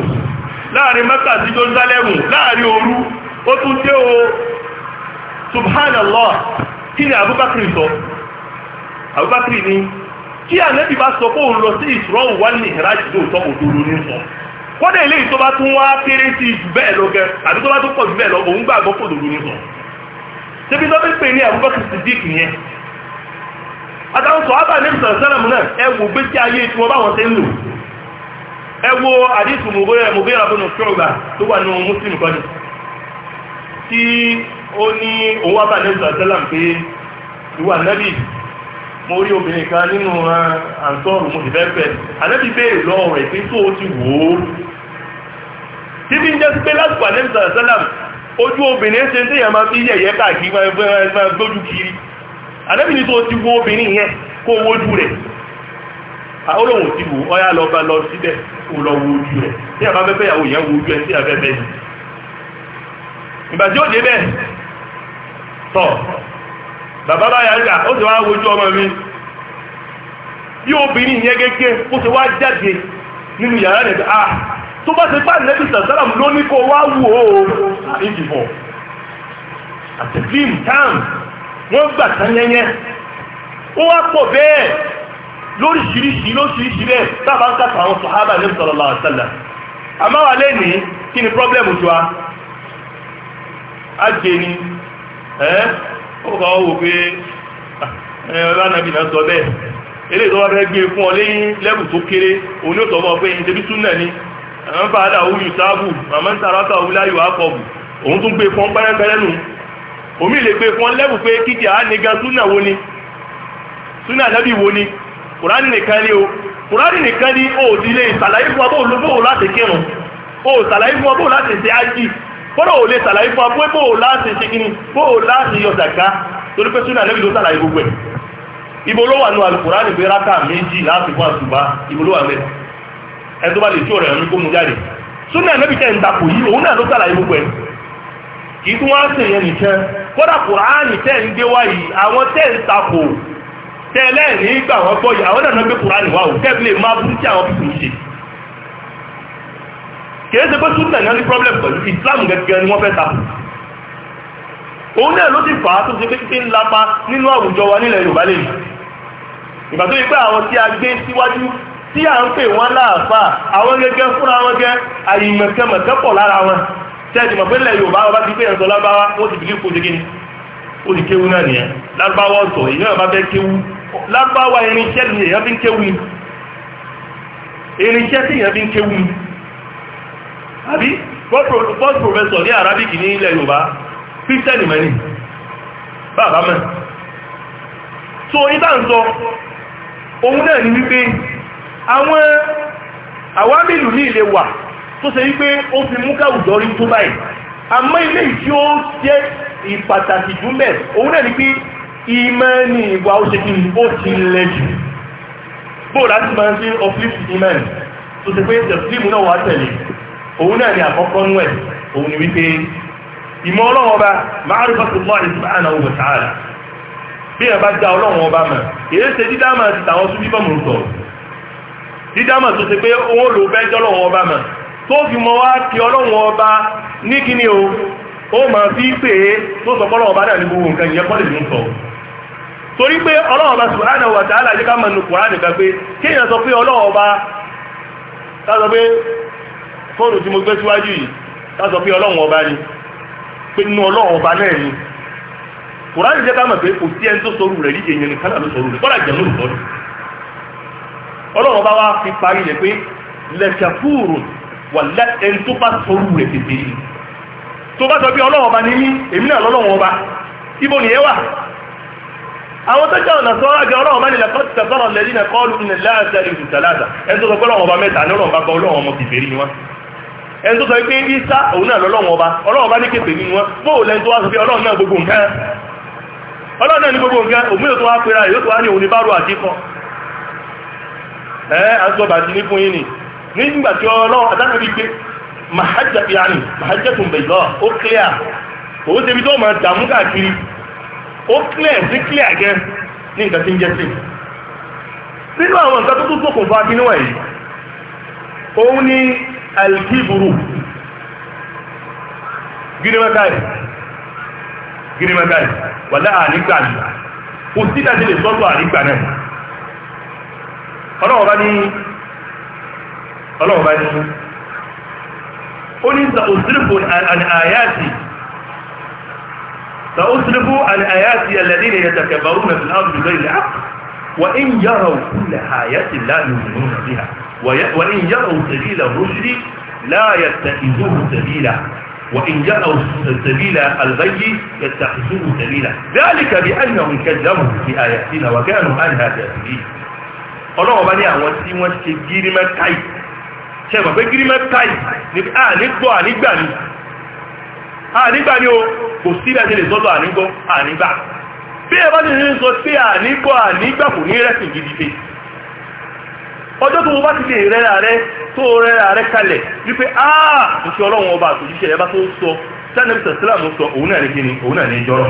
láàrin Mẹ́kà sí Jerusalem láàrin òru ó tún dé o subhanallah kí ni Abubakar sọ Abubakar ni kí ànábì bá sọ pé òun lọ sí ìṣòro wà ní ìrájì lóòótọ́ òdodo ní sọ kódà eléyìí tó bá tún wá kéré sí jù bẹ́ẹ̀ lọ gẹ àbí tó bá tún pọ̀ jù bẹ́ẹ̀ lọ òun gbàgbọ́ pò lòdù ní sọ ṣébi tó fi pè ní Abubakar Siddiq nìyẹn àtàwọn sọ ábà ní ìsọ̀rọ̀ sẹ́lẹ̀mù náà ẹ wo gbé sí ayé tí wọ́n bá wọn ṣe ń lò ẹ wo àdìsù mòbóyà mòbóyà abúnú fíọ̀gbà tó wà nínú Muslim kọ́ni tí ó ní òun wábà ní ìsàtẹ́là pé ìwà nẹ́bì mo rí obìnrin kan nínú àǹtọ́rù mo sì fẹ́ fẹ́ ànẹ́bì béèrè lọ́wọ́ rẹ̀ tó o ti wò ó tí bí ń jẹ́ sí pé lásìkò ànẹ́bì sàtẹ́là ojú obìnrin ṣe ń tẹ́yà máa fi yẹ̀yẹ́ káàkiri máa gbójú kiri ànẹ́bì ní tó o ti wo obìnrin yẹn kó wojú rẹ̀ olóhùn ti wò ọyá lọ bá lọ síbẹ̀ kó lọ wo ojú rẹ̀ a bá fẹ́ fẹ́ yàwó yẹn wo a fẹ́ ìgbà tí ó dé bẹ́ẹ̀ tọ̀ bàbá bá yà ń gbà ó sì wá wojú ọmọ mi bí obìnrin yẹn gẹ́gẹ́ ó sì wá jáde nínú yàrá rẹ̀ bí ah tó bá ti pa nẹ́bí sàtàràm ló ní kó wá wù ó ìdìbò àti fíìm tán wọ́n gbà tán yẹnyẹ ó wá pọ̀ bẹ́ẹ̀ lóríṣiríṣi lóríṣiríṣi bẹ́ẹ̀ tábà ń kàtà àwọn sọ̀hábà kí ni ajeni ni ẹ́ ó kọ́ pé ah, sọ bẹ́ẹ̀ ilé ìtọ́wà gbé fún ọ léyìn lẹ́bù tó kéré òní ò tọ́wọ́ pé ni àwọn nfaada dà sáàbù màmá ń tara ọkà wúlá yóò akọ̀bù òun tún nù omi lè gbé fún lẹ́bù pé kíkì á nìga wo ni o kùránì nìkan ni o ò sì lè fún ọ o láti kírun o fún bọ́dọ̀ ò lè sàlàyé fún abúlé bó o láti ṣe kí ni bó o láti yọ zaka torí pé súnà lẹ́yìn tó sàlàyé gbogbo ẹ̀ ibo ló wà nù Al-Kùránì pé rákà méjì láti fún àtùbá ibo ló wà mẹ́ ẹ tó bá lè tí ọ̀rẹ́ ẹ̀mí kó mu jáde súnà lẹ́bi tẹ̀ ń dàpọ̀ yìí òun náà ló sàlàyé gbogbo ẹ̀ kì í tún wá sí ìyẹn nìkan kódà Kùránì tẹ̀ ń gbé wáyé àwọn tẹ̀ ń takò tẹ́lẹ̀ ní gbà wọ́n gbọ́ yìí àwọn náà gbé Kùránì wá ò tẹ́ kìí ṣe pé súnà náà ní problem pẹ̀lú islam gẹ́gẹ́ ni wọ́n fẹ́ ta òun náà ló ti fà á tó ṣe pé ti ń lapa nínú àwùjọ wa nílẹ̀ yorùbá lè rí ìgbà tó yẹ pé àwọn tí a gbé síwájú tí à ń pè wọ́n láàfà àwọn gẹ́gẹ́ fúnra wọn gẹ́ àyìnmọ̀kẹ́mọ̀kẹ́ pọ̀ lára wọn tẹ́ẹ̀dì mọ̀ pé ilẹ̀ yorùbá wọn bá ti pé ẹ̀sọ́ lábáwá wọ́n ti bìlí kóde gíní ó ti kéwú náà nìyẹn lábáwá àbí first professor ní Arabic ní ilẹ̀ Yorùbá Christian mẹ́rin bàbá mẹ́ so ibá ń sọ ohun náà ni wípé àwọn àwámìlù ní ilé wà tó ṣe wípé ó fi mú káwùjọ rí tó báyìí àmọ́ ilé ìtí ó jẹ́ ìpàtàkì jù mẹ́ òun náà ni pé ìmọ̀ ni ìwà ó ṣe kí ó ti lẹ̀ jù bóòdá ti máa ń ṣe ọ̀fíìsì ìmọ̀ tó ṣe pé ìjọ̀fíìmù náà wà tẹ̀lé òun náà ni àkọ́kọ́ nú ẹ̀ òun ni wípé ìmọ̀ ọlọ́run ọba ma'rifatullahi subhanahu wa ta'ala bí ẹ bá dá ọlọ́run ọba mọ̀ èyí ṣe dídámà ti tàwọn tún bíbọ̀ mọ̀ sọ̀rọ̀ dídámà tó ṣe pé òun ló fẹ́ jọ́ ọlọ́run ọba mọ̀ tó fi mọ́ wá ti ọba o ó fi tó sọ pé ní gbogbo nǹkan sọ torí pé wa ta'ala yẹ ká sọ pé ká sọ fóònù tí mo gbé síwájú yìí ká sọ pé ọlọ́run ọba ni pé nínú ọlọ́run ọba náà ni kùránì jẹ́ ká mọ̀ pé kò sí ẹni tó sọrù rẹ̀ díje yẹn nìkan náà ló sọrù rẹ̀ kọ́lá jẹun olùkọ́ ni ọlọ́run ọba wa fi parí rẹ̀ pé lẹ́kẹ̀kúrò wà lẹ́ẹ̀ni tó bá sọrù rẹ̀ tètè yìí tó bá sọ pé ọlọ́run ọba ni mí èmi náà lọ́lọ́run ọba ibo nìyẹn wà àwọn tó jẹ́ ọ̀nà sọ́ra jẹ́ ọlọ́run bá nílẹ̀ kọ́tù tẹ̀sọ́rọ̀ lẹ́yìn ẹ̀kọ́ ọlọ́run ní láàrín ẹ̀sẹ̀ ìlú tàlàdà ẹ̀sọ́ sọ pé ọlọ́run ọba mẹ́ta ní ọlọ́run bá gba ọlọ́run ọmọ kìfèrí ni wọ́n ẹni tó sọ pé isa òun náà lọ́lọ́run ọba ọlọ́run ọba ní kéfè nínú wọn bó o lẹ́ni tó wá sọ pé ọlọ́run náà gbogbo nǹkan ọlọ́run náà ní gbogbo nǹkan òun yóò tó wá pera yóò tó wá ní òun ní bárò àdíkọ ẹ asọ́ba ti ní fún yín ni nígbà tí ọlọ́run adájọ́ bí gbé mahajja yanni mahajja tún bẹ̀ lọ ó clear òun ṣe bí tó máa dààmú káàkiri ó clear sí clear gẹ ní nǹkan tí ń jẹ́ sí nínú àwọn nǹkan tó alkiburu girimakari girimakari wàlá àrígbà ní kò sí dájí lè sọ́tọ̀ àrígbà náà ọlọ́wọ́ bá ní ọlọ́wọ́ bá ní ó ní sàúsìrìfò àyàtì sàúsìrìfò àyàtì alẹ́dínlẹ̀ yàtàkẹ̀bàrún na fi áàbùdó ilẹ̀ wa in yàrá òkú lẹ̀ àyàtì láàrin òmìnira وإن يروا سبيل الرشد لا يتخذوه سبيلا وإن جاءوا سبيل الغي يتخذوه سبيلا ذلك بأنهم كذبوا بآياتنا وكانوا عنها جاهلين ọlọ́wọ́ bá ní àwọn tí wọ́n ṣe gírímẹ́tàì ṣe mọ̀ pé gírímẹ́tàì ànígbọ́ ànígbà ni ànígbà ni o kò sí ẹ̀ṣẹ̀ lè sọ́dọ̀ ànígbà bí ẹ bá ti ní sọ pé ànígbọ́ ànígbà kò ní rẹ́sìn gidi ọjọ́ tó mo bá ti lè rẹ́ra rẹ tó rẹ́ra rẹ kalẹ̀ wípé áà ah! ìṣe ọlọ́run ọba àtòjíṣẹ́ rẹ bá tó sọ sẹ́nẹ̀bí sàtìlá mo sọ òun náà ní kíni òun náà ní jọrọ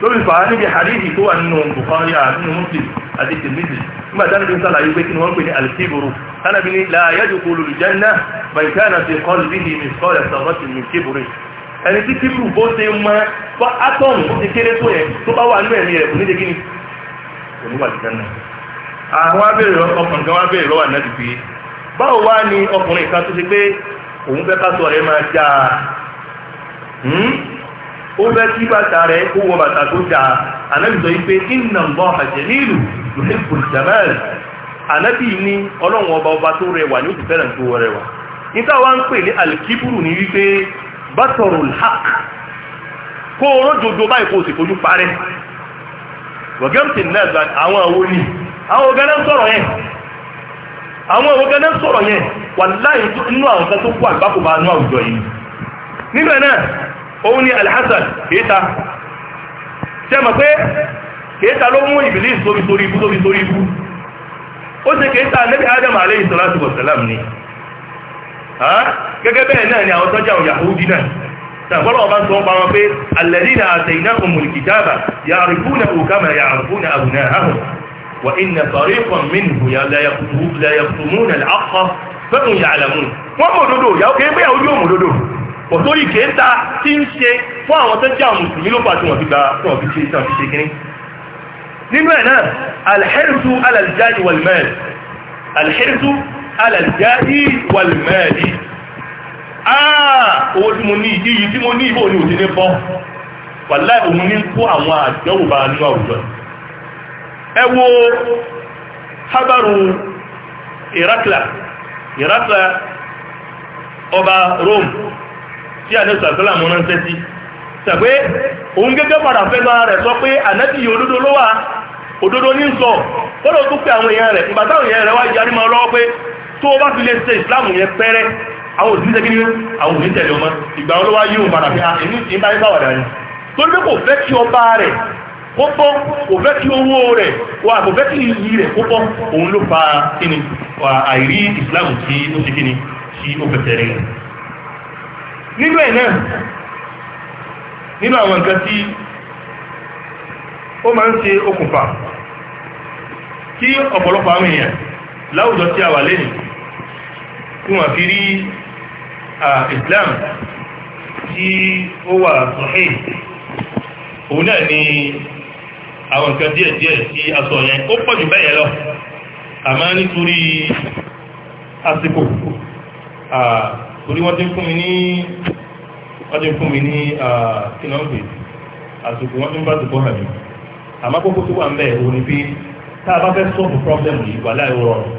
lórí fàá níbi hadithi tó wà nínú Bukhari nínú Muslim àti tìmísì nígbà tí wọn sàlàyé pé kí ni wọn pè ní alikiburu kánábi ní la yadkhulu al-janna man kana fi qalbihi mithqala dharratin min kibri ẹni tí kíbrù bó ṣe mọ fọ átọ̀mù ó ti kéré tó yẹ tó bá wà nínú ẹ̀mí rẹ̀ kò ní àwọn ah, abéèrè ọkùnrin kan wá béèrè lọ́wọ́ ànábì pé báwo wá ni ọkùnrin kan tó ṣe pé òun fẹ́ ká sọ rẹ̀ máa já hmm? ó fẹ́ kí bàtà rẹ̀ kó wọ bàtà tó já ànábì sọ yìí pé ọba ọba tó rẹwà ní tó rẹwà níta wá ń pè ní alikiburu ní wípé kó báyìí kó àwọn ọ̀gá náà sọ̀rọ̀ yẹn àwọn ọ̀gá náà sọ̀rọ̀ yẹn wà láì inú àwọn ọ̀gá tó kú àgbákò bá nú àwùjọ yìí nígbà náà òun ni alhassan kéta ṣe mọ̀ pé kéta ló mú ìbílí sórí sórí ibú sórí sórí ibú ó ṣe kéta nẹ́bí náà ni àwọn náà tàbọ́lọ̀ ọba وإن فريقا منه لا يكتمون الحق فهم يعلمون wọ́n mọ̀ òdodo ìyàwó kìí pé ìyàwó yóò mọ̀ òdodo òtórí kèéta tí ń ṣe fún àwọn tó jẹ́ àwọn mùsùlùmí ló bá tí wọ́n fi gba fún ọ̀fi ṣe ìtàn fi ṣe kìíní nínú ẹ̀ náà alhẹ́rìsù alàlìjáàdì wàlmẹ́ẹ̀lì alhẹ́rìsù alàlìjáàdì wàlmẹ́ẹ̀lì àà ah, owó tí mo ní ìdí yìí tí mo ní ìbò ní òdí ní bọ́ wàláì òun ní kó àwọn àjẹ́wò bá nú àwùjọ yìí ẹ wo habaru irakla irakla ọba rome tí àdéhùn sàkólà mọ́ náà ń sẹ́sí òun gẹ́gẹ́ padà fẹ́ rẹ̀ sọ pé ànábì yìí ló wà òdodo ní sọ kọ́lọ̀ tó pé àwọn èèyàn rẹ̀ ìgbà táwọn rẹ̀ wá máa lọ́wọ́ pé tó o bá fi lè ṣe ìsìláàmù yẹn pẹ́rẹ́ àwọn òsì àwọn òsì tẹ̀lé ọmọ ìgbà padà fi ó bọ́ kò fẹ́ kí owó rẹ̀ wà kò fẹ́ kí iyì rẹ̀ kó bọ́ òun ló fa kíni àìrí ìsìláàmù tí ó ṣe kíni tí ó fẹsẹ̀ rẹ̀ nínú ẹ̀ náà nínú àwọn nǹkan tí ó máa ń ṣe okùnfà tí ọ̀pọ̀lọpọ̀ àwọn èèyàn láwùjọ tí a wà lẹ́yìn tí wọ́n fi rí Islam tí ó wà sọ̀hìn òun náà ni àwọn nǹkan díẹ̀ díẹ̀ sí aṣọ yẹn ó pọ̀jù bẹ́yẹn lọ àmọ́ nítorí àsìkò torí wọ́n ti fún mi ní wọ́n ti fún mi ní kìnnàpè àsìkò wọ́n ti ń bá àsìkò hàn mí àmọ́ kókó tó wà ń bẹ̀ òun ni pé tá a bá fẹ́ sọ́ọ̀bù pọ́blẹ́mù yìí wà láì rọrùn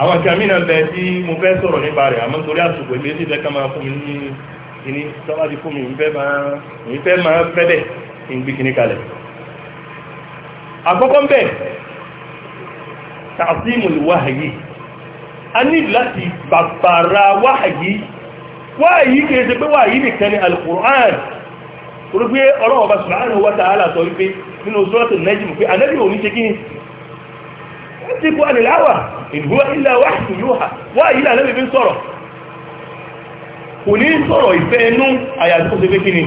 àwọn kí àmì náà bẹ tí mo fẹ́ sọ̀rọ̀ nípa rẹ̀ àmọ́ torí àsùkò ìgbésí fẹ́ ká máa fún mi ní ìní tọ́wá ti fún mi ìfẹ́ máa fẹ́ bẹ́ẹ̀ ń gbé kíní kalẹ̀ àkọ́kọ́ ń bẹ̀ ta'zimul wahyi a ní láti bàbàrà wahyi wahyi kìí ṣe pé wahyi nìkan ni al-Qur'an orúgbé ọlọ́wọ́ bá subhanahu wa ta'ala sọ wípé nínú suratul najm pé ànábì òní ṣe kíni wọ́n ti kú ànìláwà in huwa kò ní sọ̀rọ̀ ìfẹ́ inú àyàtúkọ́ sí pé kíni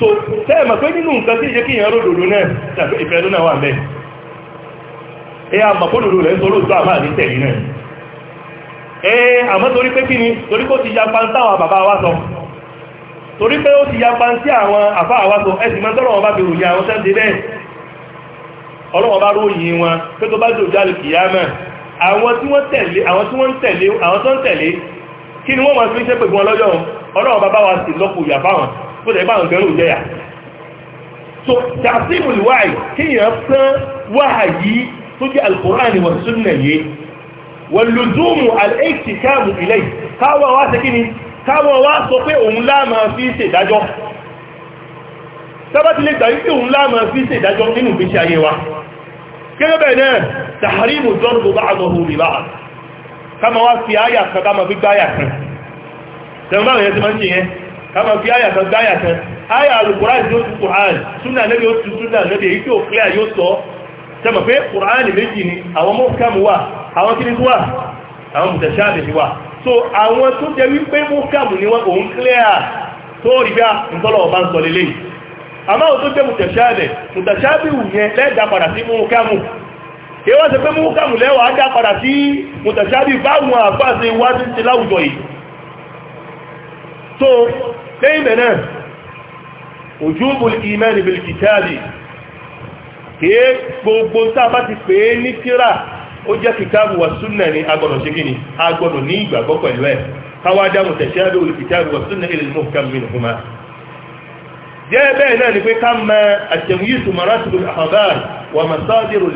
so sẹ́ẹ̀mọ̀ pé nínú nǹkan tí ìjẹ́ kí ìyàn ròdòdó náà tàbí ìfẹ́ ló náà wà mẹ́ ẹ àmọ̀kódòdó rẹ̀ sọ lóòtọ́ àmà ní tẹ̀lé náà ẹ torí pé torí kó ti wa sọ torí pé ó ti sí àwọn àfá sọ ẹ sì máa wọn bá fi ròyìn àwọn sẹ́ǹdé bẹ́ẹ̀ bá ròyìn wọn pé tó bá àwọn tí wọ́n tẹ̀lé àwọn tí wọ́n tẹ̀lé àwọn tó ń tẹ̀lé kí ni wọ́n máa fi ń ó lè bá àwọn ìgbẹ́rù jẹ́yà so tàṣímù wáyì kíyàn sán wáyì tó jẹ́ alkùnránì wà súnnà yé wà lùzúmù alẹ́kì káàmù ilẹ̀ káwọ̀ wá sí kíni káwọ̀ wá sọ pé òun láàmà fi ṣe ìdájọ́ sábàtí lè tàbí pé òun láàmà fi ṣe ìdájọ́ nínú ìgbésí ayé wa gẹ́gẹ́ bẹ̀ẹ̀ náà tàhàrímù dọ́rùbù bá àgbọ̀hù rí báà wá fi áyà kan ká fi gbáyà kan tẹ̀wọ́n báwọn yẹn ti máa ń ṣe yẹn kama fi àyà kan gbáyà kan àyà alùkùránì yóò tu kùránì súnà lẹ́bí yóò tu súnà lẹ́bí èyí tí ó clear yóò sọ sẹ́mọ̀ pé kùránì méjì ni àwọn mọ́kàmù wà àwọn kí ni wà àwọn mùtẹ̀ṣáàbì wà so àwọn tó jẹ́ wípé mọ́kàmù ni wọ́n òun clear tó rí bí ntọ́lọ̀ ọba ń sọ lélẹ̀ àmọ́ ò tó jẹ́ mùtẹ̀ṣáàbì mùtẹ̀ṣáàbì wù yẹn lẹ́ẹ̀dá padà sí mọ́kàmù èyí wọ́n sọ pé mọ́kàmù lẹ́wọ̀ á dá padà sí mùtẹ̀ṣáàbì báwọn àpá so lẹ́yìn bẹ̀ náà ojúbùl ìmẹ́ni bil kìtàbì kìí gbogbo tàbá ti pè é ní tíra ó jẹ́ kìtàbù wà súnnà ní agbọ̀nà ṣe gíní agbọ̀nà ní ìgbàgbọ́ pẹ̀lú ẹ̀ káwá dáhùn tẹ̀ṣẹ́ bí olùkìtàbù wà súnnà ilẹ̀ mọ́ kàmì nìkúmá jẹ́ bẹ́ẹ̀ náà ni pé ká mọ àtẹ̀wíyìsù maratibù àhàbáà wà masadiru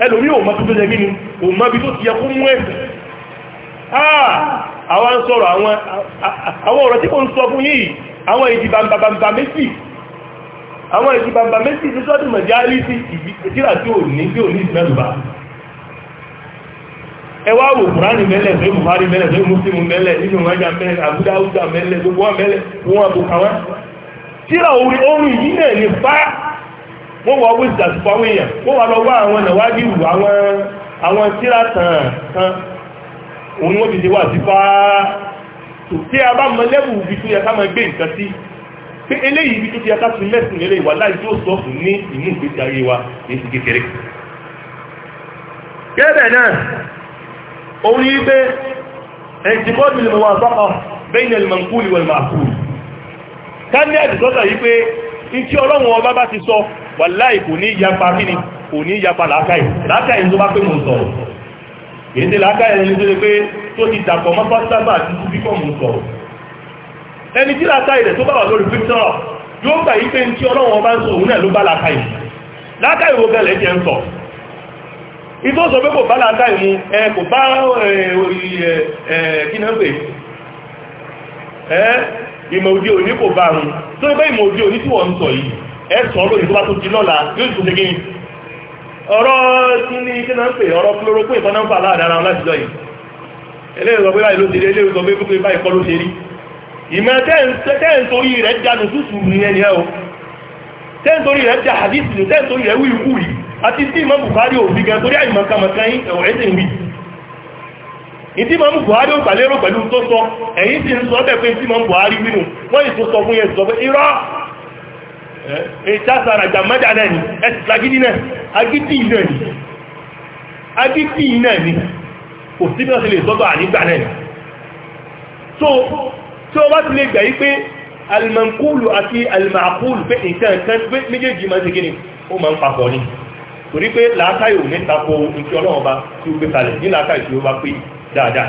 ẹlòmí ò mọ́ tó jẹ gíní ò mọ́ bí tó ti yẹ fún mú ẹ̀sẹ̀ ah, àwọn sọ̀rọ̀ àwọn ọ̀rọ̀ tí kò ń sọ fún yìí àwọn ìdìbàmbàmbà méjì àwọn ìdìbàmbà méjì ní sọ́dì mọ̀jálí sí ìdíra tí ò ní tí ò ní ìsinẹ́lùbà ẹwà wò kùránì mẹ́lẹ̀ tó Buhari mẹ́lẹ̀ tó Muslim mẹ́lẹ̀ nínú ọjà mẹ́lẹ̀ àbúdá ọjà mẹ́lẹ̀ gbogbo wọn mẹ́lẹ̀ wọn wọ́n wọ owó ìdàtí fún àwọn èèyàn wọ́n wà lọ wá àwọn nàwádìí ìwò àwọn tíra tàn kan òun wọ́n ti ṣe wà sí fáá tó tí a bá mọ lẹ́bù ibi tó yẹ ká máa gbé nǹkan sí pé eléyìí ibi tó ti yẹ ká fi mẹ́sìn eléyìí wà láì tó sọ fún ní ìmú ìgbésí ayé wa èsì kékeré gẹ́gẹ́ náà òun ní pé ẹ̀jìbọ́dù lè wà sọ́kọ̀ bẹ́yìn ẹ̀lùmọ̀kúlì wẹ̀lùmọ̀kúlì ká ní ẹ̀dùsọ́sọ̀ yìí pé wàláì kò ní yapa kíni kò ní yapa làákàyè làákàyè tó bá pé mò ń sọ̀rọ̀ kìí ṣe làákàyè ẹni tó lè pé tó ti dàpọ̀ mọ́ pátábà àti tó bíkọ̀ mò ń sọ̀rọ̀ ẹni tí làákàyè rẹ̀ tó bá wà lórí píktọ̀ yóò gbà yí pé tí ọlọ́run ọba ń sọ òun náà ló bá làákàyè làákàyè wo gẹ̀lẹ́ jẹ́ ń sọ ìtò sọ pé kò bá làákàyè mu ẹ kò bá kí náà pè ìmọ̀ òdi òní kò bá rùn tó ń pẹ́ ìmọ̀ òdi ẹ̀sùn olóyìn tó bá tó di lọ́la yóò tún ṣe gíní ọ̀rọ̀ tí ní kí náà ń pè ọ̀rọ̀ chloroquine ìbọn náà ń fà láàdára wọn láti lọ́yìn eléyìí sọ pé báyìí ló ti rí eléyìí sọ pé pípé báyìí kọ́ ló ṣe rí ìmọ̀ tẹ́ǹtorí rẹ̀ jánu tútù nìyẹn ni ẹ o tẹ́ǹtorí rẹ̀ já hadith ní tẹ́ǹtorí rẹ̀ wíwú yìí àti tí Imam Bukhari ò fi gan torí àìmọ̀kàmọ̀kan ẹ̀wọ̀ ẹ̀sìn wí ìtí Imam Bukhari ó gbàlérò pẹ̀lú tó sọ ẹ̀yìn sì ń sọ bẹ́ẹ̀ pé tí Imam Bukhari wínú wọ́n ì ìtàsára jàmájà náà ni ẹ̀sìtì agídí náà agídí náà ni agídí náà ni kò sí bí wọ́n ti lè sọ́tọ̀ ànígbà náà ni so tí ó bá ti lè gbà yí pé almankulu àti almakulu pé nǹkan kan pé méjèèjì máa ṣe kíni ó máa ń papọ̀ ni torí pé làákàyò ní tako nǹkan ọlọ́run bá tí ó gbé kalẹ̀ ní làákàyò tí ó bá pé dáadáa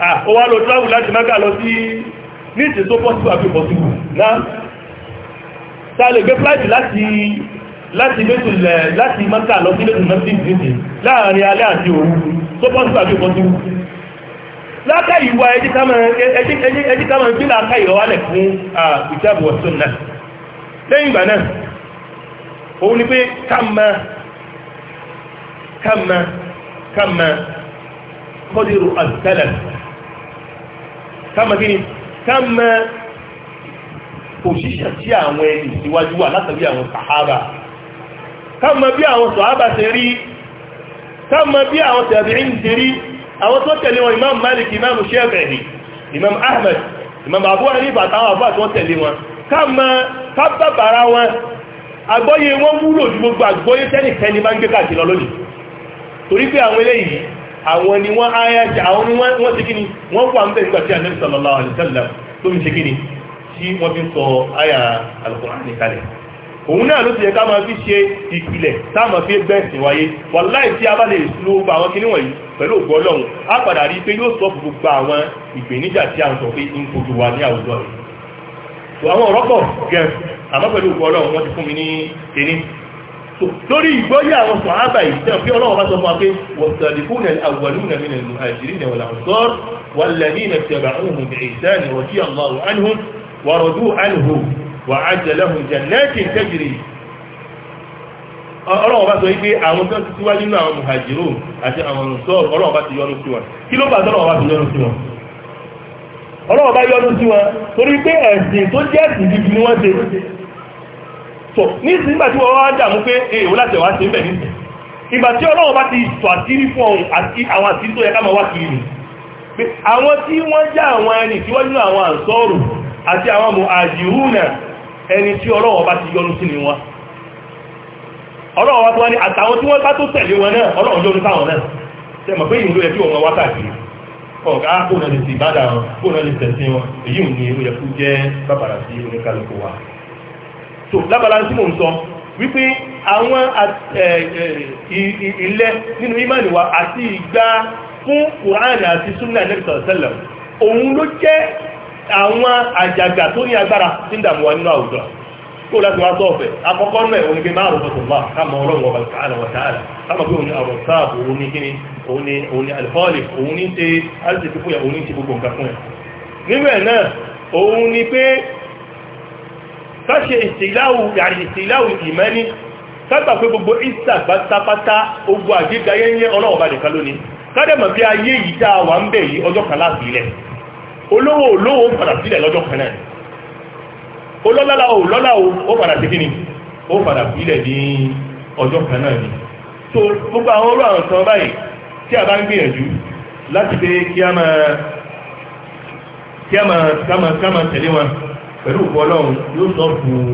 Ah, ó wá lọ travel láti Mẹ́kà lọ sí ní ìtì tó possible àfi possible náà ta lè gbé flight láti láti mẹ́tùlẹ̀ láti Mẹ́kà lọ sí mẹ́tùlẹ̀ sí ìdíje láàrin alẹ́ àti òru tó possible àfi possible láká ìwà ẹjí ká máa ń gbílá aká ìrọ̀wálẹ̀ fún ìjábù ọ̀tún náà lẹ́yìn ìgbà náà òun ni pé kàmà kàmà kàmà kọ́dìrò àtẹ́lẹ̀ káàmà kí ni káàmà òṣìṣẹ́ tí àwọn ẹni ìwájú wà látàrí àwọn sàhábà káàmà bí àwọn sàhábà ṣe rí káàmà bí àwọn tàbíìn ṣe rí àwọn tó tẹ̀lé wọn imam malik imam shafi'i imam ahmed imam abu hanifa àtàwọn àbúrò àti wọn tẹ̀lé wọn káàmà kábàbàrà wọn àgbọ́yé wọn wúlò ju gbogbo àgbọ́yé tẹ́nìkẹ́ni bá ń gbé káàkiri lọ lónìí torí pé àwọn eléyìí àwọn ni wọ́n áyá àwọn ni wọ́n ti kíni wọ́n wà ń bẹ̀ tí ànábì sallallahu alaihi wasallam tó ń ṣe kíni tí wọ́n fi ń sọ áyà Al-Qur'ani kalẹ̀ òun náà ló ti yẹ ká máa fi ṣe ìpìlẹ̀ táàmà fi gbẹ̀sìn wáyé wàláì tí a bá lè lo gbogbo àwọn kinní wọ̀nyí pẹ̀lú ògbọ́ ọlọ́run á padà rí i pé yóò sọ gbogbo àwọn ìpèníjà tí a ń sọ pé ń kojú wa ní àwùjọ rẹ̀ àwọn ọ̀rọ̀ pọ̀ gẹ̀ àmọ́ pẹ̀lú ògbọ́ ọlọ́run wọ́n ti fún mi ní ẹni lórí ìgbọ́yé àwọn sọ̀hábà ìsẹ́ pé ọlọ́wọ́ bá sọ fún wa pé wọ̀sàdìkún ní àwọ̀lúnà mi nínú àjírí ní ọ̀là ọ̀sọ́r wà lẹ́ní ní ṣẹ̀bà ohun ní ìsẹ́ ní ọjí àlọ́wọ́ anhu wà rọ̀dú anhu wà ájẹ̀lẹ́hùn jẹ̀nẹ́kì tẹ́jìrì ọlọ́wọ́ bá sọ wípé àwọn tó ti wá nínú àwọn muhajiru àti àwọn ọ̀sọ́r ọlọ́wọ́ bá ti yọ́nú so ní ìsìn nígbà tí wọ́n wá dàmú pé èèwò láti ẹ̀wà sí ibẹ̀ nísìn ìgbà tí ọlọ́wọ́ bá ti sọ àtírí fún ọ̀hún àti àwọn àtírí tó yẹ ká máa wá kiri nì pé àwọn tí wọ́n já àwọn ẹni tí wọ́n nínú àwọn àǹsọ́rù àti àwọn mọ̀ àjìrúnà ẹni tí ọlọ́wọ́ bá ti yọ́nú sí ni wọn ọlọ́wọ́ tó wá ní àtàwọn tí wọ́n bá tó tẹ̀lé wọn náà ọlọ́wọ́ yọ́nú sáwọn náà tẹ mọ̀ pé ìyìn ló yẹ kí òun wá káàkiri ọ̀gá kóòrùn ẹni ti ìbádà wọn kóòrùn ẹni tẹ̀sí wọn èyí ò ní ó yẹ kú jẹ́ bàbàrà sí oníkálukú wa so lábàlá tí mò ń sọ wípé àwọn ilẹ̀ nínú imani wa àti ìgbà fún Kùránì àti súnà nẹ́bìtọ̀ sẹ́lẹ̀ òun ló jẹ́ àwọn àjàgà tó ní agbára tí ń dàmú wa nínú àwùjọ kó láti wá sọ́ọ̀fẹ́ akọ́kọ́ náà òun gbé márùn fọ́tò wá káàmà ọlọ́run ọba káàlà wà táàlà káàmà bí òun àwọn sáàbù òun ní kíni òun ní òun ní alifọ́ọ̀lì òun ní ṣe alìsẹ̀kí fún yà òun ní ṣe gbogbo nǹkan fún yà nínú ẹ̀ náà òun ni pé káṣe ìsìláwù yàrá ìsìláwù ìmẹ́ni kágbà pé gbogbo ìsà pátápátá ogun àgbéga yẹn yẹn ọlọ́wọ́ bá nìkan lónìí kádẹ̀mọ̀ bí ayé yìí dá wà ń bẹ̀ yìí ọjọ́ kan láti ilẹ̀ olówó olówó ń padà sílẹ̀ lọ́jọ́ kan náà olọ́lọ́lá o lọ́lá o ó padà sí kíni ó padà sílẹ̀ ní ọjọ́ kan náà ni so gbogbo àwọn olú àwọn kan báyìí tí a bá ń gbìyànjú láti pé kí a máa tẹ̀lé wọn pẹ̀lú ìfọlọ́run yóò sọ fún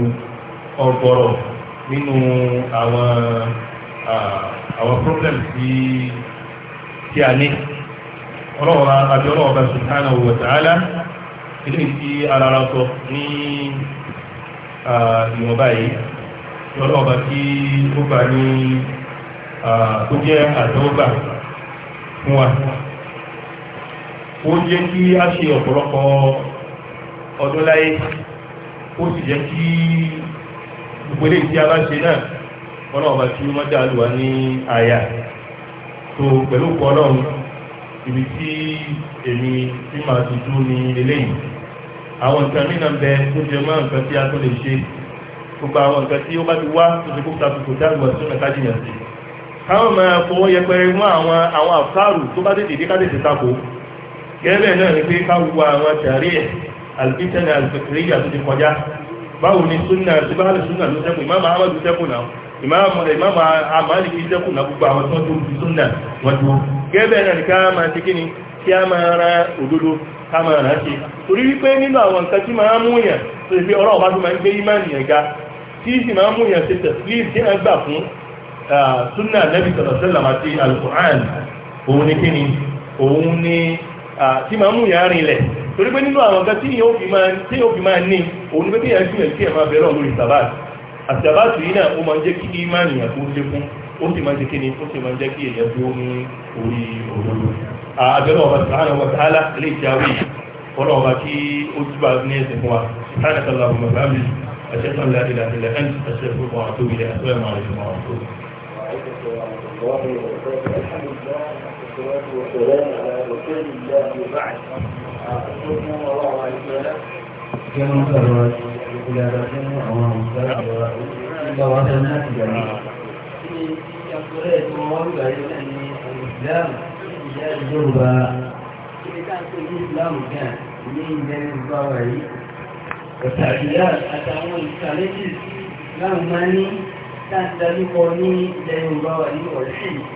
ọ̀gọ̀rọ̀ nínú àwọn àwọn problem tí a ní ọlọ́wọ́ àbí ọlọ́wọ́ bá subhanahu wa ta'ala ilé tí ara ara sọ ní ìwọ̀nba yìí ọlọ́ọ̀bá tí ó bá ní tó jẹ́ àdánwògbà fún wa ó jẹ́ kí a ṣe ọ̀pọ̀lọpọ̀ ọdún láyé ó sì jẹ́ kí gbogbo ilé tí a bá ṣe náà ọ̀nà ọba tí wọ́n dá lùwà ní àyà tó pẹ̀lú ọkọ̀ ọlọ́run ibi tí èmi tí màá tuntun ní eléyìí àwọn nǹkan mí náà bẹ tó jẹ mọ́ nǹkan tí a tó lè ṣe gbogbo àwọn nǹkan tí ó bá ti wá tó ti kó ta kòkò dá lùwà tó nàka jìyàn sí káwọn máa fọwọ́ yẹpẹrẹ mú àwọn àwọn àfáàrù tó bá tètè dé ká tètè takò gẹ́gẹ́ náà ni pé ká wo àwọn tàrí ẹ̀ alfitani alfikiriya tó ti kọjá báwo ni súnà tí bá lè súnà ló sẹ́kù ìmáàmù amadu sẹ́kù náà ìmáàmù ìmáàmù amadu sẹ́kù náà gbogbo àwọn tó tó fi súnà wọ́n tó gẹ́gẹ́ náà ká máa ti kíni kí a máa ra òdodo ká máa rà sí torí wípé nínú àwọn nǹkan tí máa mú yàn tó ti fi ọlọ́ọ̀bá tó máa ń gbé ìmáàmù yẹn ga tí sì máa mú yàn ṣe tẹ̀sílíì tí a gbà fún súnà nẹ́bí sọ̀rọ̀sẹ́làm àti torí pé nínú àwọn ọ̀gá tí yóò fi máa ní òun pé kíyàn sí ẹ̀kí ẹ̀mà bẹ̀rẹ̀ lórí sabat àtàbátì yìí náà ó máa jẹ́ kí ìmáàni àkó lékún ó sì máa jẹ́ kí ni ó sì máa jẹ́ kí èyàn bí ó ní orí òdodo àbẹ̀rẹ̀ ọba sàánà wa ta'ala lè jáwé ọ̀nà الله وبعد Jangan terlalu diadakan awal muda bahwa sana tidak. Ini yang boleh mohon dari ini Islam ia berubah. Kita tuh Islam kan ini dari bawah ini. Kesadiran atau sekaligus Islam mana tak dari koni dari bawah ini oleh